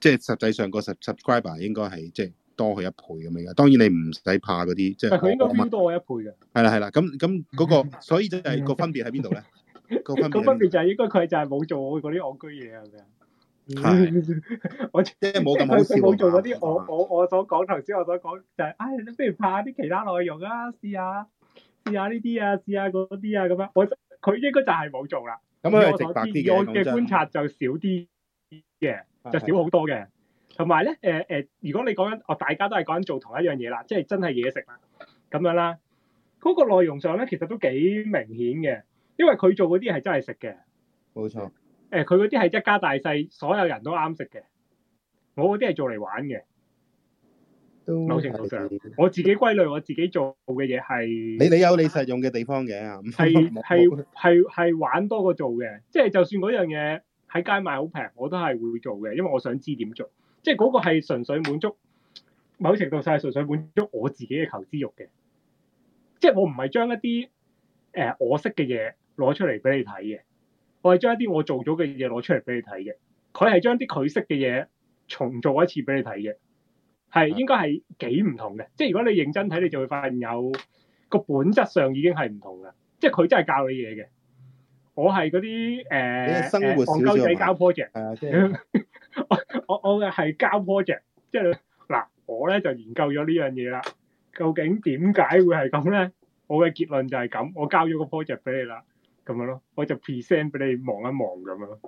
即係實際上個 subscriber 應該係即係多佢一倍咁樣嘅。當然你唔使怕嗰啲，即係佢應該邊多我一倍嘅。係啦係啦，咁咁嗰個，所以就係個分別喺邊度咧？ 個分別就係應該佢就係冇做嗰啲戇居嘢啊，係咪啊？即係冇咁好笑啊！冇做嗰啲我 我我所講頭先，我所講就係、是、唉、哎，你不如拍下啲其他內容啊，試下試下呢啲啊，試下嗰啲啊，咁樣我佢應該就係冇做啦。咁啊，我嘅觀察就少啲嘅，的就少好多嘅。同埋咧，誒、呃、誒、呃，如果你講緊哦，我大家都係講緊做同一樣嘢啦，即係真係嘢食啦，咁樣啦，嗰個內容上咧，其實都幾明顯嘅。因為佢做嗰啲係真係食嘅，冇錯。誒、欸，佢嗰啲係一家大細所有人都啱食嘅，我嗰啲係做嚟玩嘅，都係某程度上我自己歸類我自己做嘅嘢係。你你有你實用嘅地方嘅，係係係係玩多過做嘅，即係就算嗰樣嘢喺街買好平，我都係會做嘅，因為我想知點做。即係嗰個係純粹滿足，某程度上係純粹滿足我自己嘅求知欲嘅，即係我唔係將一啲誒、呃呃、我識嘅嘢。攞出嚟俾你睇嘅，我係將一啲我做咗嘅嘢攞出嚟俾你睇嘅。佢係將啲佢識嘅嘢重做一次俾你睇嘅，係應該係幾唔同嘅。即係如果你認真睇，你就會發現有個本質上已經係唔同嘅。即係佢真係教你嘢嘅，我係嗰啲誒戇鳩仔交 project，就係。 我我我嘅係交 project，即係嗱，我咧就研究咗呢樣嘢啦。究竟點解會係咁咧？我嘅結論就係咁，我交咗個 project 俾你啦。咁樣咯，我就 present 俾你望一望咁樣咯。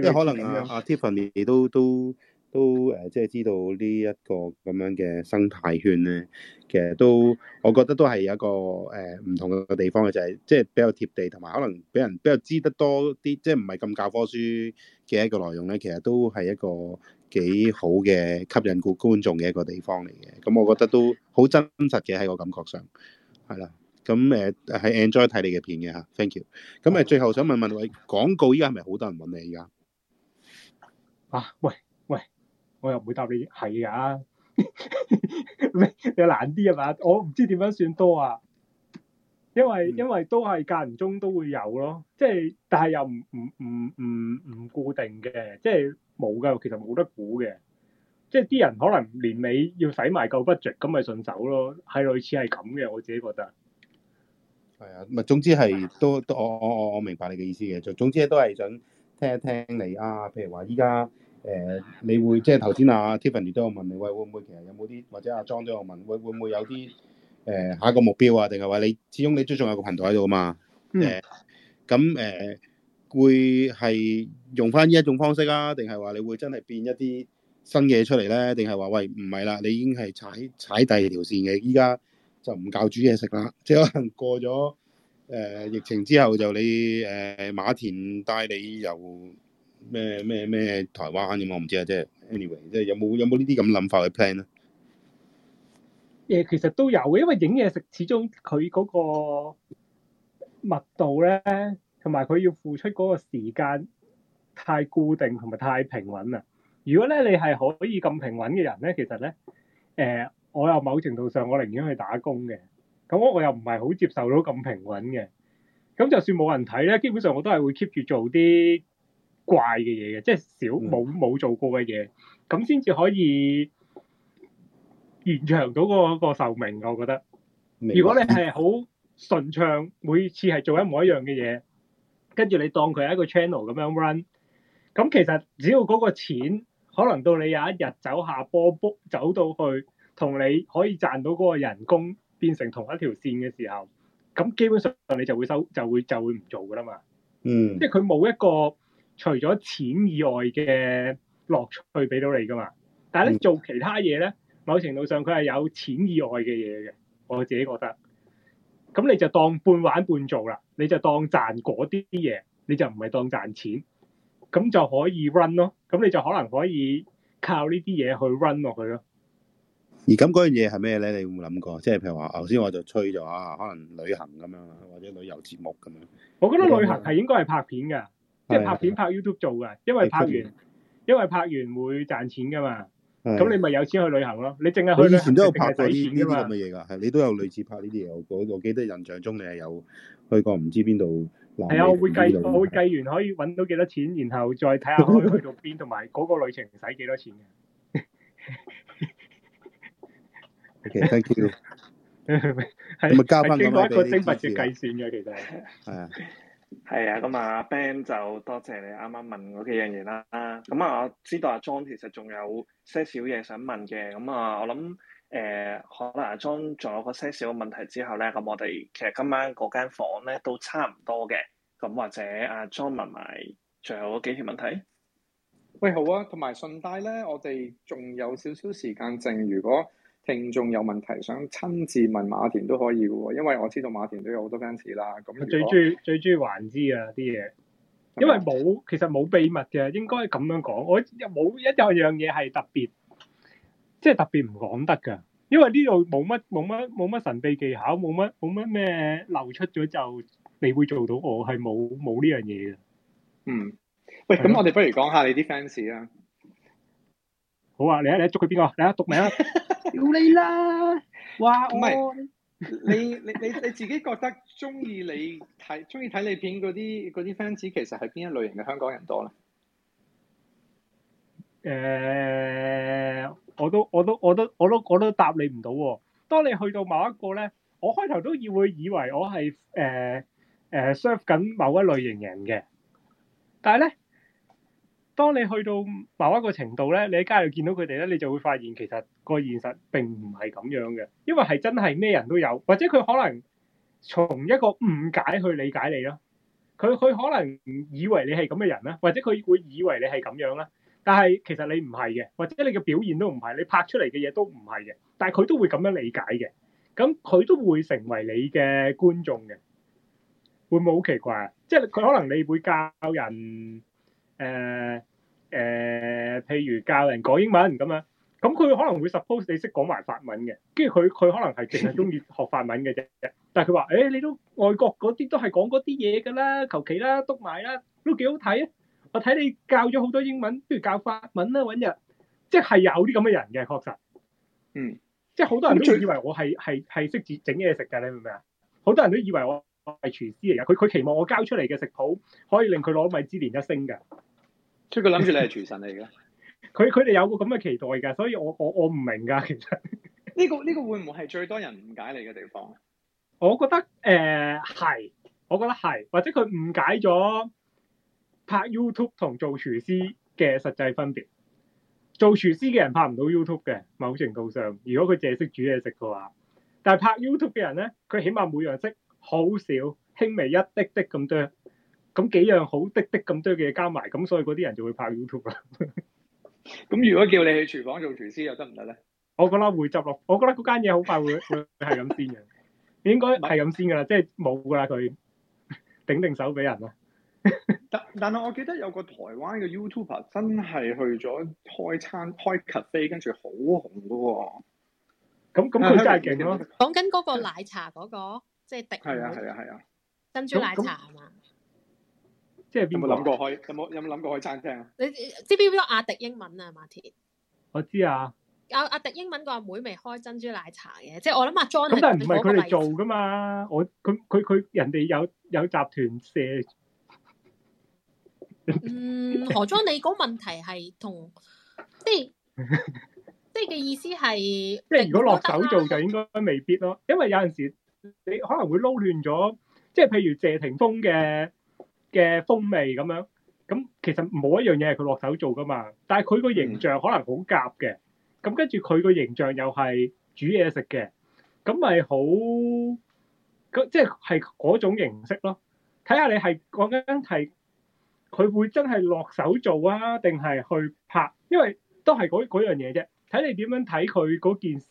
即係可能阿阿 Tiffany 都都都誒，即係知道呢一個咁樣嘅生態圈咧，其實都我覺得都係有一個誒唔同嘅地方嘅，就係即係比較貼地，同埋可能俾人比較知得多啲，即係唔係咁教科書嘅一個內容咧。其實都係一個幾好嘅吸引顧觀眾嘅一個地方嚟嘅。咁我覺得都好真實嘅喺我感覺上，係啦。咁誒係 enjoy 睇你嘅片嘅吓，thank you。咁誒最後想問問喂，廣告依家係咪好多人揾你依家啊？喂喂，我又唔會答你係㗎，你 你難啲啊嘛？我唔知點樣算多啊，因為、嗯、因為都係間唔中都會有咯，即係但係又唔唔唔唔唔固定嘅，即係冇㗎。其實冇得估嘅，即係啲人可能年尾要使埋夠 budget，咁咪順手咯，係類似係咁嘅。我自己覺得。係啊，咪總之係都都，我我我我明白你嘅意思嘅。就總之都係想聽一聽你啊，譬如話依家誒，你會即係頭先阿、啊、Tiffany 都有問你，喂，會唔會其實有冇啲或者阿、啊、莊都有問，會會唔會有啲誒、呃、下一個目標啊？定係話你始終你最仲有個平台喺度啊嘛？誒、呃，咁誒、嗯呃、會係用翻呢一種方式啊？定係話你會真係變一啲新嘢出嚟咧？定係話喂唔係啦，你已經係踩踩第二條線嘅，依家。就唔教煮嘢食啦，即係可能過咗誒、呃、疫情之後，就你誒、呃、馬田帶你遊咩咩咩台灣，咁我唔知啊，即係 anyway，即係有冇有冇呢啲咁諗法去 plan 咧？誒，其實都有嘅，因為影嘢食始終佢嗰個密度咧，同埋佢要付出嗰個時間太固定同埋太平穩啦。如果咧你係可以咁平穩嘅人咧，其實咧誒。呃我又某程度上，我寧願去打工嘅，咁我又唔係好接受到咁平穩嘅。咁就算冇人睇咧，基本上我都係會 keep 住做啲怪嘅嘢嘅，即係少冇冇做過嘅嘢，咁先至可以延長到嗰個壽命。我覺得，如果你係好順暢，每次係做一模一樣嘅嘢，跟住你當佢係一個 channel 咁樣 run，咁其實只要嗰個錢，可能到你有一日走下波波走到去。同你可以賺到嗰個人工變成同一條線嘅時候，咁基本上你就會收，就會就會唔做噶啦嘛。嗯。即係佢冇一個除咗錢以外嘅樂趣俾到你噶嘛。但係咧做其他嘢咧，嗯、某程度上佢係有錢以外嘅嘢嘅。我自己覺得，咁你就當半玩半做啦。你就當賺嗰啲嘢，你就唔係當賺錢，咁就可以 run 咯。咁你就可能可以靠呢啲嘢去 run 落去咯。而咁嗰樣嘢係咩咧？你有冇諗過？即係譬如話，頭先我就吹咗啊，可能旅行咁樣，或者旅遊節目咁樣。我覺得旅行係應該係拍片嘅，的即係拍片拍 YouTube 做嘅，因為拍完，因為拍完會賺錢噶嘛。咁的你咪有錢去旅行咯？你淨係去旅行。以前都有拍過呢啲咁嘅嘢㗎，係你都有類似拍呢啲嘢。我我記得印象中你係有去過唔知邊度。係啊，我會計，我的會計完可以揾到幾多錢， 然後再睇下可以去到邊，同埋嗰個旅程使幾多錢。 Okay, thank you 有有。 是你咪交翻咁多嘅計算嘅，其實。 係啊，係啊，咁啊，Ben 就多謝,謝你啱啱問嗰幾樣嘢啦。咁啊， 我知道阿 John 其實仲有些少嘢想問嘅。咁啊，我諗誒，可能阿 John 仲有個些少嘅問題之後咧，咁我哋其實今晚嗰間房咧都差唔多嘅。咁或者阿 John 問埋最後嗰幾條問題。喂，好啊，同埋順帶咧，我哋仲有少少時間剩，如果。聽眾有問題，想親自問馬田都可以嘅喎，因為我知道馬田都有好多 fans 啦。咁最中意最中意還知啊啲嘢，因為冇，其實冇秘密嘅，應該咁樣講，我冇一樣嘢係特別，即係特別唔講得噶，因為呢度冇乜冇乜冇乜神秘技巧，冇乜冇乜咩流出咗就你會做到我，我係冇冇呢樣嘢嘅。嗯，喂，咁的我哋不如講下你啲 fans 啦。好啊，你一你捉佢邊個，你一讀名啊。 屌你啦！哇，唔係 你你你你自己覺得中意你睇中意睇你片嗰啲嗰啲 fans，其實係邊一類型嘅香港人多咧？誒、uh，我都我都我都我都我都我都答你唔到喎。當你去到某一個咧，我開頭都以會以為我係誒誒 serve 緊某一類型人嘅，但係咧。當你去到某一個程度咧，你喺街度見到佢哋咧，你就會發現其實個現實並唔係咁樣嘅，因為係真係咩人都有，或者佢可能從一個誤解去理解你咯，佢佢可能以為你係咁嘅人啦，或者佢會以為你係咁樣啦，但係其實你唔係嘅，或者你嘅表現都唔係，你拍出嚟嘅嘢都唔係嘅，但係佢都會咁樣理解嘅，咁佢都會成為你嘅觀眾嘅，會唔會好奇怪啊？即係佢可能你會教人誒。呃誒、呃，譬如教人講英文咁樣，咁佢可能會 suppose 你識講埋法文嘅，跟住佢佢可能係淨係中意學法文嘅啫。 但係佢話，誒、欸，你都外國嗰啲都係講嗰啲嘢㗎啦，求其啦，篤埋啦，都幾好睇啊！我睇你教咗好多英文，不如教法文啦，搵日，即係有啲咁嘅人嘅，確實，嗯，即係好多人都以為我係係係識整整嘢食㗎，你明唔明啊？好多人都以為我係廚師嚟噶，佢佢期望我教出嚟嘅食譜可以令佢攞米芝蓮一星㗎。即佢諗住你係廚神嚟嘅，佢佢哋有個咁嘅期待㗎，所以我我我唔明㗎，其實呢 、呢個呢、呢個會唔會係最多人誤解你嘅地方我、呃？我覺得誒係，我覺得係，或者佢誤解咗拍 YouTube 同做廚師嘅實際分別。做廚師嘅人拍唔到 YouTube 嘅，某程度上，如果佢淨係識煮嘢食嘅話，但係拍 YouTube 嘅人咧，佢起碼每樣識好少，輕微一滴滴咁多。咁幾樣好滴滴咁多嘅嘢加埋，咁所以嗰啲人就會拍 YouTube 啊！咁如果叫你去廚房做廚師又得唔得咧？我覺得會執笠，我覺得嗰間嘢好快會 會係咁先嘅，應該係咁先噶啦，即係冇噶啦，佢頂定手俾人啊！但但係我記得有個台灣嘅 YouTuber 真係去咗開餐開咖啡，跟住好紅噶喎。哦！咁咁佢真係勁咯！講緊嗰個奶茶嗰，嗰個，即係滴係啊係啊係啊珍珠奶茶係嘛？啊即有冇諗過開有冇有冇諗過開餐廳啊？你知唔知阿迪英文啊？馬田，我知啊。阿阿迪英文個阿妹未開珍珠奶茶嘅，即係我諗阿 John。咁但係唔係佢哋做㗎嘛？我佢佢佢人哋有有集團社。 嗯，何 John？你嗰問題係同即係即係嘅意思係。即係如果落手做，就應該未必咯。 因為有陣時你可能會撈亂咗，即係譬如謝霆鋒嘅。嘅風味咁樣，咁其實冇一樣嘢係佢落手做㗎嘛，但係佢個形象可能好夾嘅，咁跟住佢個形象又係煮嘢食嘅，咁咪好，即係係嗰種形式咯。睇下你係講緊係佢會真係落手做啊，定係去拍？因為都係嗰嗰樣嘢啫，睇你點樣睇佢嗰件事，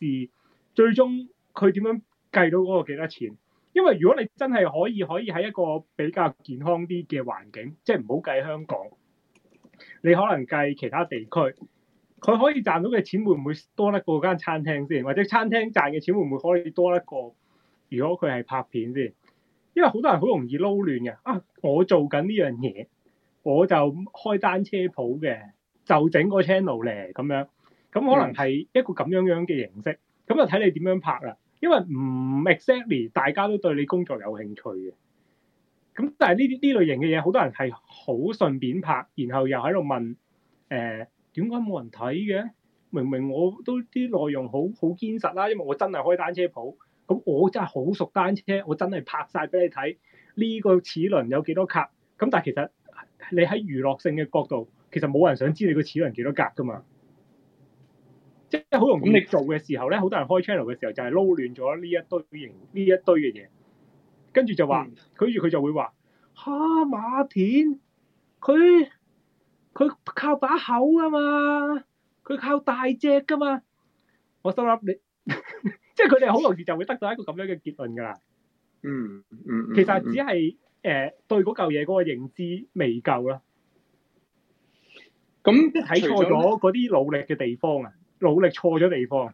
最終佢點樣計到嗰個幾多錢？因為如果你真係可以可以喺一個比較健康啲嘅環境，即係唔好計香港，你可能計其他地區，佢可以賺到嘅錢會唔會多得過間餐廳先？或者餐廳賺嘅錢會唔會可以多得過？如果佢係拍片先，因為好多人好容易撈亂嘅。啊，我做緊呢樣嘢，我就開單車鋪嘅，就整個 channel 咧咁樣，咁可能係一個咁樣樣嘅形式，咁就睇你點樣拍啦。因為唔 exactly 大家都對你工作有興趣嘅。咁但係呢啲呢類型嘅嘢，好多人係好順便拍，然後又喺度問誒點解冇人睇嘅？明明我都啲內容好好堅實啦，因為我真係開單車鋪，咁我真係好熟單車，我真係拍晒俾你睇呢個齒輪有幾多格？咁但係其實你喺娛樂性嘅角度，其實冇人想知你個齒輪幾多格㗎嘛。即係好容易，你做嘅時候咧，好 多人開 channel 嘅時候就係撈亂咗呢一堆型、呢一堆嘅嘢，跟住就話，佢住佢就會話，哈馬田，佢佢靠把口啊嘛，佢靠大隻噶嘛。我心諗你，即係佢哋好容易就會得到一個咁樣嘅結論㗎啦，嗯。嗯嗯其實只係誒，呃嗯，對嗰嚿嘢嗰個認知未夠啦。咁即睇錯咗嗰啲努力嘅地方啊！努力錯咗地方，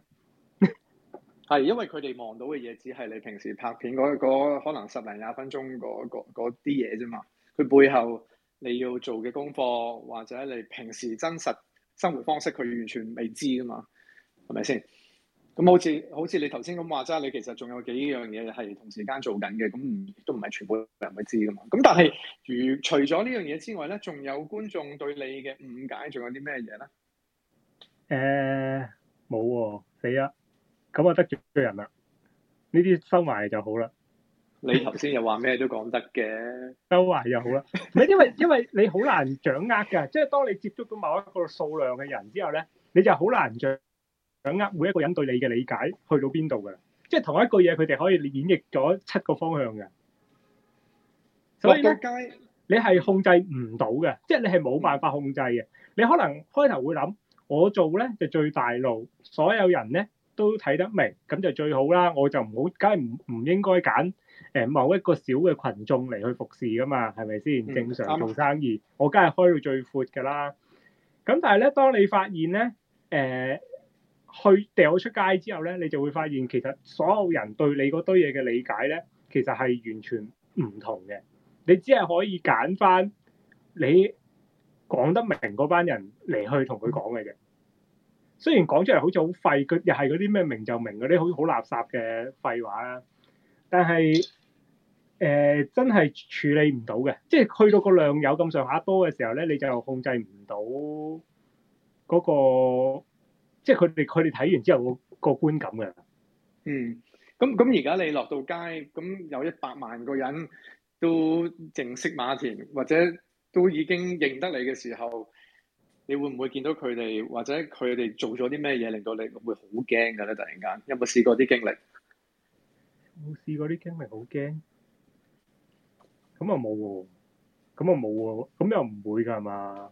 係 因為佢哋望到嘅嘢，只係你平時拍片嗰可能十零廿分鐘嗰啲嘢啫嘛。佢背後你要做嘅功課，或者你平時真實生活方式，佢完全未知噶嘛，係咪先？咁好似好似你頭先咁話齋，你其實仲有幾樣嘢係同時間做緊嘅，咁唔都唔係全部人會知噶嘛。咁但係，除除咗呢樣嘢之外咧，仲有觀眾對你嘅誤解，仲有啲咩嘢咧？誒，冇喎、uh, 哦，死啦！咁啊，得罪人啦。呢啲收埋就好啦。你頭先又話咩都講得嘅， 收埋又好啦。唔係因為因為你好難掌握㗎，即係當你接觸到某一個數量嘅人之後咧，你就好難掌握每一個人對你嘅理解去到邊度㗎。即係同一個嘢，佢哋可以演繹咗七個方向嘅。所以咧，際你係控制唔到嘅，即係你係冇辦法控制嘅。嗯、你可能開頭會諗。我做咧就最大路，所有人咧都睇得明，咁就最好啦。我就唔好，梗係唔唔應該揀誒某一個小嘅群眾嚟去服侍噶嘛，係咪先？嗯、正常做生意，嗯、我梗係開到最闊噶啦。咁但係咧，當你發現咧，誒、呃、去掟出街之後咧，你就會發現其實所有人對你嗰堆嘢嘅理解咧，其實係完全唔同嘅。你只係可以揀翻你。講得明嗰班人嚟去同佢講嘅啫，雖然講出嚟好似好廢，佢又係嗰啲咩明就明嗰啲好好垃圾嘅廢話啦，但係誒、呃、真係處理唔到嘅，即係去到個量有咁上下多嘅時候咧，你就控制唔到嗰個，即係佢哋佢哋睇完之後個個觀感嘅。嗯，咁咁而家你落到街，咁有一百萬個人都認識馬田或者，都已經認得你嘅時候，你會唔會見到佢哋或者佢哋做咗啲咩嘢令到你會好驚嘅咧？突然間有冇試過啲經歷？冇試過啲經歷，好驚。咁啊冇喎，咁啊冇喎，咁又唔會噶嘛？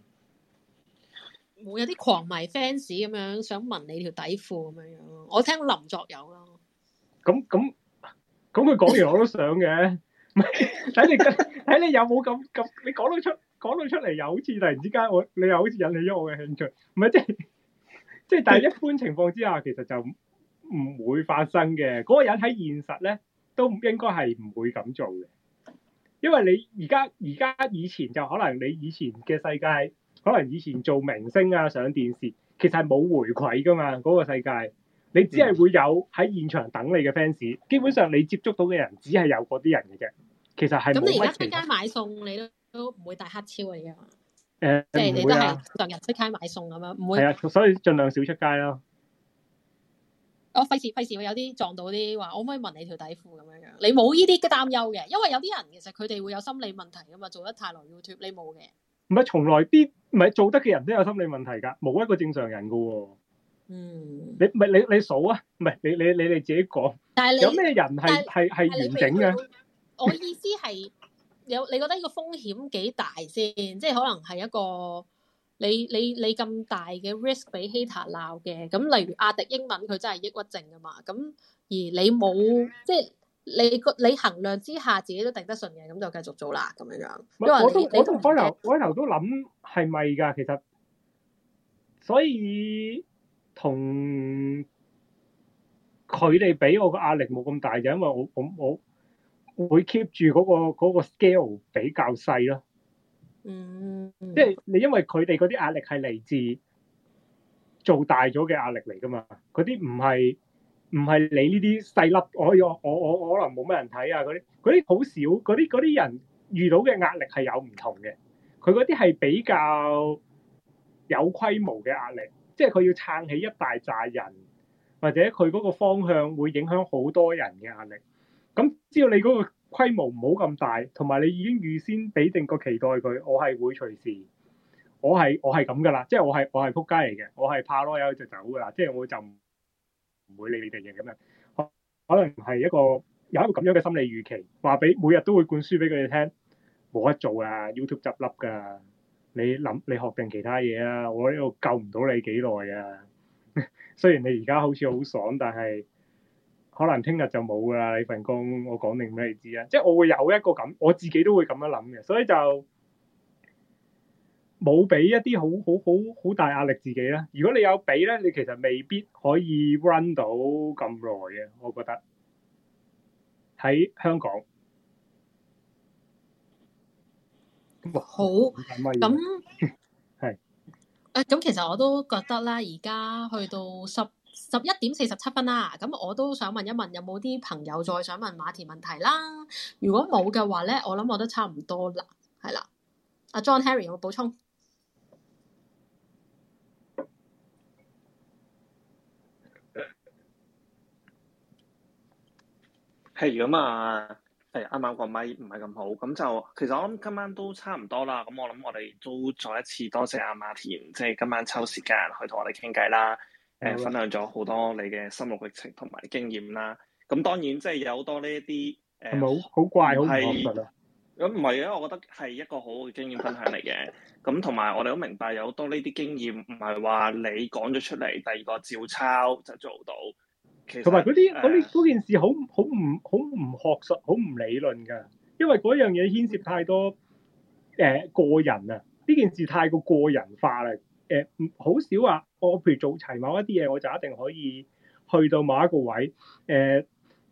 冇有啲狂迷 fans 咁樣想聞你條底褲咁樣樣，我聽林作友咯。咁咁，咁佢講完我都想嘅。 睇 你睇你有冇咁咁，你講到出講到出嚟，又好似突然之間我你又好似引起咗我嘅興趣。唔係即係即係，但係一般情況之下，其實就唔會發生嘅。嗰個人喺現實咧都應該係唔會咁做嘅，因為你而家而家以前就可能你以前嘅世界，可能以前做明星啊，上電視，其實係冇回饋噶嘛嗰個世界。你只係會有喺現場等你嘅 fans，基本上你接觸到嘅人只係有嗰啲人嘅啫。其實係咁，你而家出街買餸，你都唔、嗯、會戴黑超嘅嘢嘛？誒會，即係你都係成日出街買餸咁樣，唔會係啊，所以盡量少出街咯。我費事費事會有啲撞到啲話，我唔可以問你條底褲咁樣樣。你冇呢啲嘅擔憂嘅，因為有啲人其實佢哋會有心理問題噶嘛，做得太耐 YouTube，你冇嘅。唔係從來啲唔係做得嘅人都有心理問題㗎，冇一個正常人嘅喎。嗯，你咪你你數啊，唔係你你你哋自己講。但係你有咩人係係係完整嘅？我意思係有你覺得呢個風險幾大先？ 即係可能係一個你你你咁大嘅 risk 俾 hater 鬧嘅，咁例如阿迪英文佢真係抑鬱症噶嘛？咁而你冇即係你個你衡量之下自己都定得順嘅，咁就繼續做啦咁樣樣。我都我都開頭開頭都諗係咪噶，其實所以。所以同佢哋俾我嘅壓力冇咁大，就因為我我我會 keep 住嗰個嗰個 scale 比較細咯。嗯。嗯。即係你因為佢哋嗰啲壓力係嚟自做大咗嘅壓力嚟㗎嘛？嗰啲唔係唔係你呢啲細粒，我我我我可能冇乜人睇啊！嗰啲嗰啲好少，嗰啲嗰啲人遇到嘅壓力係有唔同嘅。佢嗰啲係比較有規模嘅壓力。即係佢要撐起一大扎人，或者佢嗰個方向會影響好多人嘅壓力。咁只要你嗰個規模唔好咁大，同埋你已經預先俾定個期待佢，我係會隨時，我係我係咁㗎喇。即係我係我係仆街嚟嘅，我係怕攞有就走㗎喇。即係我就唔唔會理你哋嘅咁樣。可能係一個有一個咁樣嘅心理預期，話俾每日都會灌輸俾佢哋聽，冇得做啊，YouTube 執笠㗎。你諗你學定其他嘢啊！我呢度救唔到你幾耐啊！雖然你而家好似好爽，但係可能聽日就冇㗎啦！你份工我講定俾你知啊！即係我會有一個咁，我自己都會咁樣諗嘅，所以就冇俾一啲好好好好大壓力自己啦。如果你有俾咧，你其實未必可以 run 到咁耐嘅，我覺得喺香港。好，咁係，誒，咁 是其實我都覺得啦，而家去到十十一點四十七分啦，咁我都想問一問，有冇啲朋友再想問馬田問題啦？如果冇嘅話咧，我諗我都差唔多啦，係啦，阿 John Harry 有冇補充？係咁啊。係，啱啱個咪唔係咁好，咁就其實我諗今晚都差唔多啦。咁我諗我哋都再一次多謝阿馬田，即係今晚抽時間去同我哋傾偈啦。誒、嗯，分享咗好多你嘅心路歷程同埋經驗啦。咁當然即係有好多呢一啲誒，冇好怪，係咁唔係啊？我覺得係一個好好嘅經驗分享嚟嘅。咁同埋我哋都明白有好多呢啲經驗，唔係話你講咗出嚟，第二個照抄就做到。同埋嗰啲啲件事好好唔好唔學術好唔理論㗎，因為嗰樣嘢牽涉太多誒、呃、個人啊！呢件事太過個人化啦。誒、呃，好少話我譬如做齊某一啲嘢，我就一定可以去到某一個位。誒、呃，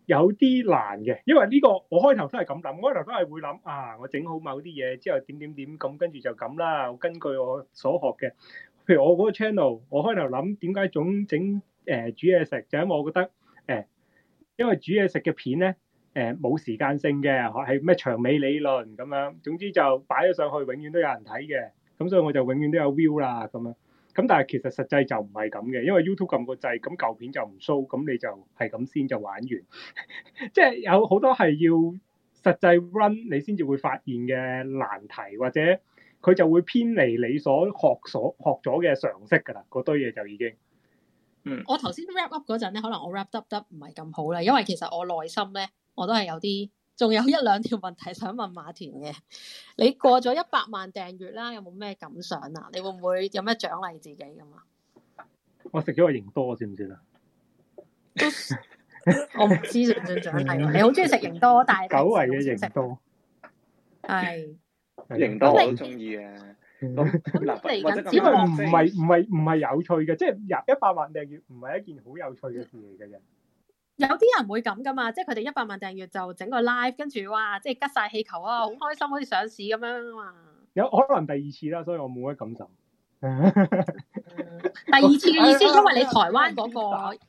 有啲難嘅，因為呢、這個我開頭都係咁諗，我開頭都係會諗啊！我整好某啲嘢之後點點點咁，跟住就咁啦。根據我所學嘅，譬如我嗰個 channel，我開頭諗點解總整。誒、呃、煮嘢食就因為我覺得誒、呃，因為煮嘢食嘅片咧誒冇時間性嘅，係咩長尾理論咁樣。總之就擺咗上去，永遠都有人睇嘅，咁所以我就永遠都有 view 啦咁樣。咁但係其實實際就唔係咁嘅，因為 YouTube 撳個掣，咁舊片就唔 show，咁你就係咁先就玩完。即 係有好多係要實際 run 你先至會發現嘅難題，或者佢就會偏離你所學所學咗嘅常識㗎啦，嗰堆嘢就已經。我頭先 wrap up 嗰陣咧，可能我 wrap up 得唔係咁好啦，因為其實我內心咧，我都係有啲，仲有一兩條問題想問馬田嘅。你過咗一百萬訂閱啦，有冇咩感想啊？你會唔會有咩獎勵自己噶嘛？我食咗個型多，知唔知啊？我唔知算唔算獎勵，你你，好中意食型多，但係九圍嘅型多係型多我都中意嘅。嗱嚟緊，只係唔係唔係唔係有趣嘅，即係入一百萬訂閱唔係一件好有趣嘅事嚟嘅。有啲人會咁噶嘛，即係佢哋一百萬訂閱就整個 live，跟住哇，即係吉晒氣球啊，好開心，好似上市咁樣啊嘛。有可能第二次啦，所以我冇乜感受。 第二次嘅意思， 因為你台灣嗰個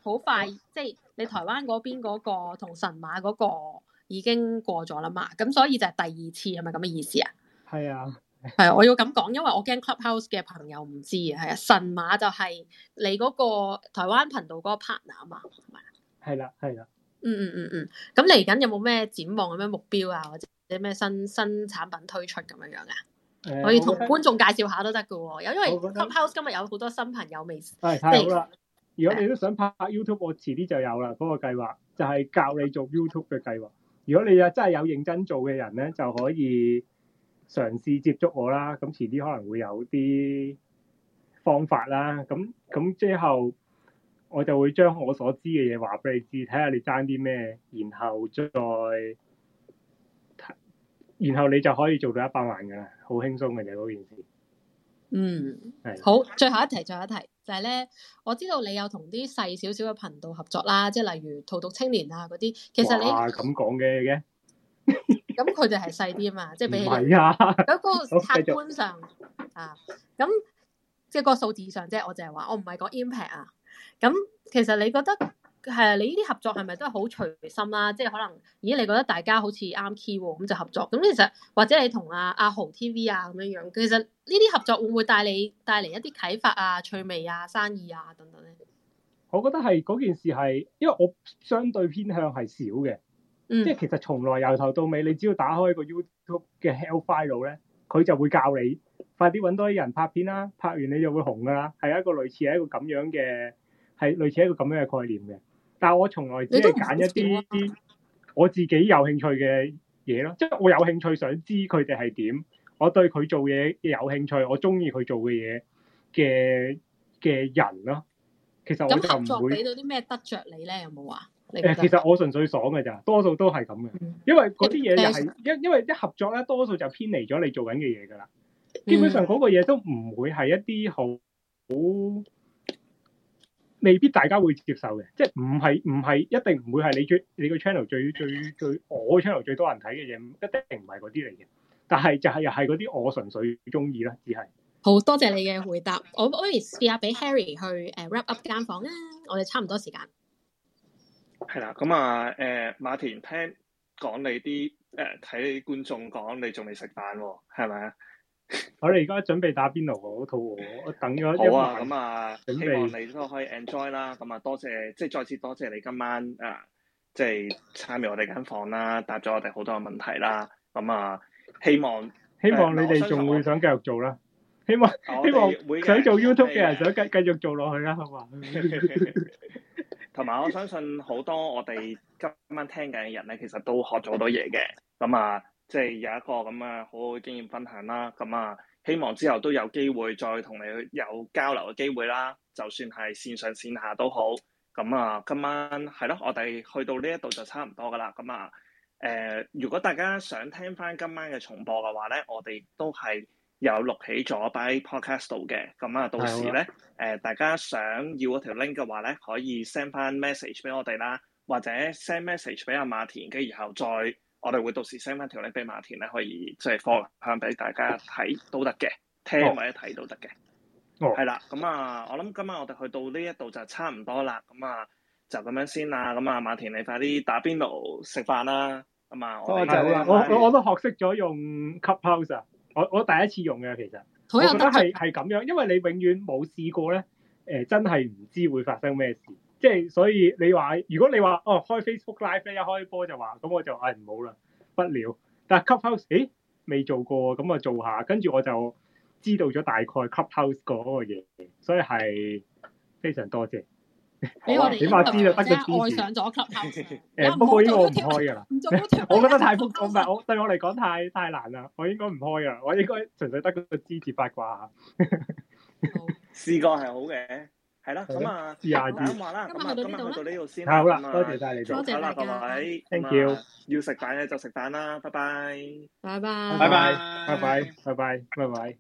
好快，即係 你台灣嗰邊嗰個同神馬嗰個已經過咗啦嘛，咁所以就係第二次，係咪咁嘅意思啊？係啊。係啊，我要咁講，因為我驚 Clubhouse 嘅朋友唔知啊。係啊，神馬就係你嗰個台灣頻道嗰個 partner 啊嘛，係咪啊？係啦，係啦，嗯。嗯嗯嗯嗯，咁嚟緊有冇咩展望，有咩目標啊，或者咩新新產品推出咁樣樣啊？嗯、可以同觀眾介紹下都得噶。有，因為 Clubhouse 今日有好多新朋友未。係，太，嗯、好啦！如果你都想拍 YouTube，我遲啲就有啦。嗰，嗰個計劃就係，係，教你做 YouTube 嘅計劃。如果你啊真係有認真做嘅人咧，就可以嘗試接觸我啦，咁遲啲可能會有啲方法啦，咁咁之後我就會將我所知嘅嘢話俾你知，睇下你爭啲咩，然後再，然後你就可以做到一百萬㗎啦，好輕鬆嘅就嗰件事。嗯，係是好，最後一題，最後一題就係咧，我知道你有同啲細少少嘅頻道合作啦，即係例如荼毒青年啊嗰啲，其實你哇咁講嘅嘅。 咁佢哋係細啲啊嘛，即係比起係啊，咁嗰個客觀上啊，咁、啊、即係個數字上啫。我淨係話，我唔係講 impact 啊。咁其實你覺得係啊你呢啲合作係咪都係好隨心啦、啊？即係可能，咦？你覺得大家好似啱 key 咁就合作。咁其實或者你同阿阿豪 TV 啊咁樣樣，其實呢啲合作會唔會帶你帶嚟一啲啟發啊、趣味啊、生意啊等等咧？我覺得係嗰件事係，因為我相對偏向係少嘅。即係、嗯、其實從來由頭到尾，你只要打開個 YouTube 嘅 Help File 咧，佢就會教你快啲揾多啲人拍片啦。拍完你就會紅噶啦，係一個類似係一個咁樣嘅，係類似一個咁樣嘅概念嘅。但係我從來只係揀一啲啲我自己有興趣嘅嘢咯，即係我有興趣想知佢哋係點，我對佢做嘢有興趣，我中意佢做嘅嘢嘅嘅人咯。其實我就唔會。咁合作俾到啲咩得着你咧？有冇話？誒，其實我純粹爽嘅咋，多數都係咁嘅，因為嗰啲嘢又係因因為啲合作咧，多數就偏離咗你做緊嘅嘢噶啦。基本上嗰個嘢都唔會係一啲好好未必大家會接受嘅，即係唔係唔係一定唔會係你最你個 channel 最最最我 channel 最多人睇嘅嘢，一定唔係嗰啲嚟嘅。但係就係又係嗰啲我純粹中意啦，只係好多謝你嘅回答。我可以試下俾 Harry 去誒、呃、wrap up 間房啦，我哋差唔多時間。係啦，咁啊，誒，馬田聽講你啲誒睇你啲觀眾講你仲未食飯喎，係咪啊？我哋而家準備打邊爐，好肚餓，我等咗一。好啊，咁啊，希望你都可以 enjoy 啦。咁啊，多謝，即係再次多謝你今晚啊，即係參與我哋間房啦，答咗我哋好多嘅問題啦。咁啊，希望希望你哋仲會想繼續做啦。希望希望想做 YouTube 嘅人想繼繼續做落去啦，好嘛？同埋，我相信好多我哋今晚聽緊嘅人咧，其實都學咗好多嘢嘅。咁啊，即係有一個咁啊好好經驗分享啦。咁啊，希望之後都有機會再同你去有交流嘅機會啦，就算係線上線下都好。咁啊，今晚係咯，我哋去到呢一度就差唔多噶啦。咁啊，誒、呃，如果大家想聽翻今晚嘅重播嘅話咧，我哋都係。有錄起咗擺 podcast 度嘅，咁啊、嗯、到時咧，誒的、呃、大家想要嗰條 link 嘅話咧，可以 send 翻 message 俾我哋啦，或者 send message 俾阿馬田嘅，然後再我哋會到時 send 翻條 link 俾馬田咧，可以即係放響俾大家睇都得嘅，聽或者睇都得嘅。哦，係啦，咁、嗯、啊，我諗今晚我哋去到呢一度就差唔多啦，咁、嗯、啊就咁樣先啦，咁、嗯、啊馬田你快啲打邊爐食飯啦，咁啊，我就好我都學識咗用 Clubhouse。我我第一次用嘅，其實我覺得係係咁樣，因為你永遠冇試過咧，誒、呃、真係唔知會發生咩事，即係所以你話如果你話哦開 Facebook Live 咧一開波就話咁我就誒唔好啦，不了。不但係 Clubhouse 誒未做過咁啊做下，跟住我就知道咗大概 Clubhouse 嗰個嘢，所以係非常多謝。俾我哋，起碼知就得個字上咗級後，誒，不過呢個我唔開噶啦，我覺得太複雜，唔係我對我嚟講太太難啦，我應該唔開噶，我應該純粹得嗰個字字八卦，試過係好嘅，係咯，咁啊，試下字，咁啊，今日到呢度先，太好啦，多謝晒你哋，多謝啦各位，thank you，要食飯嘅就食飯啦，拜拜，拜拜，拜拜，拜拜，拜拜。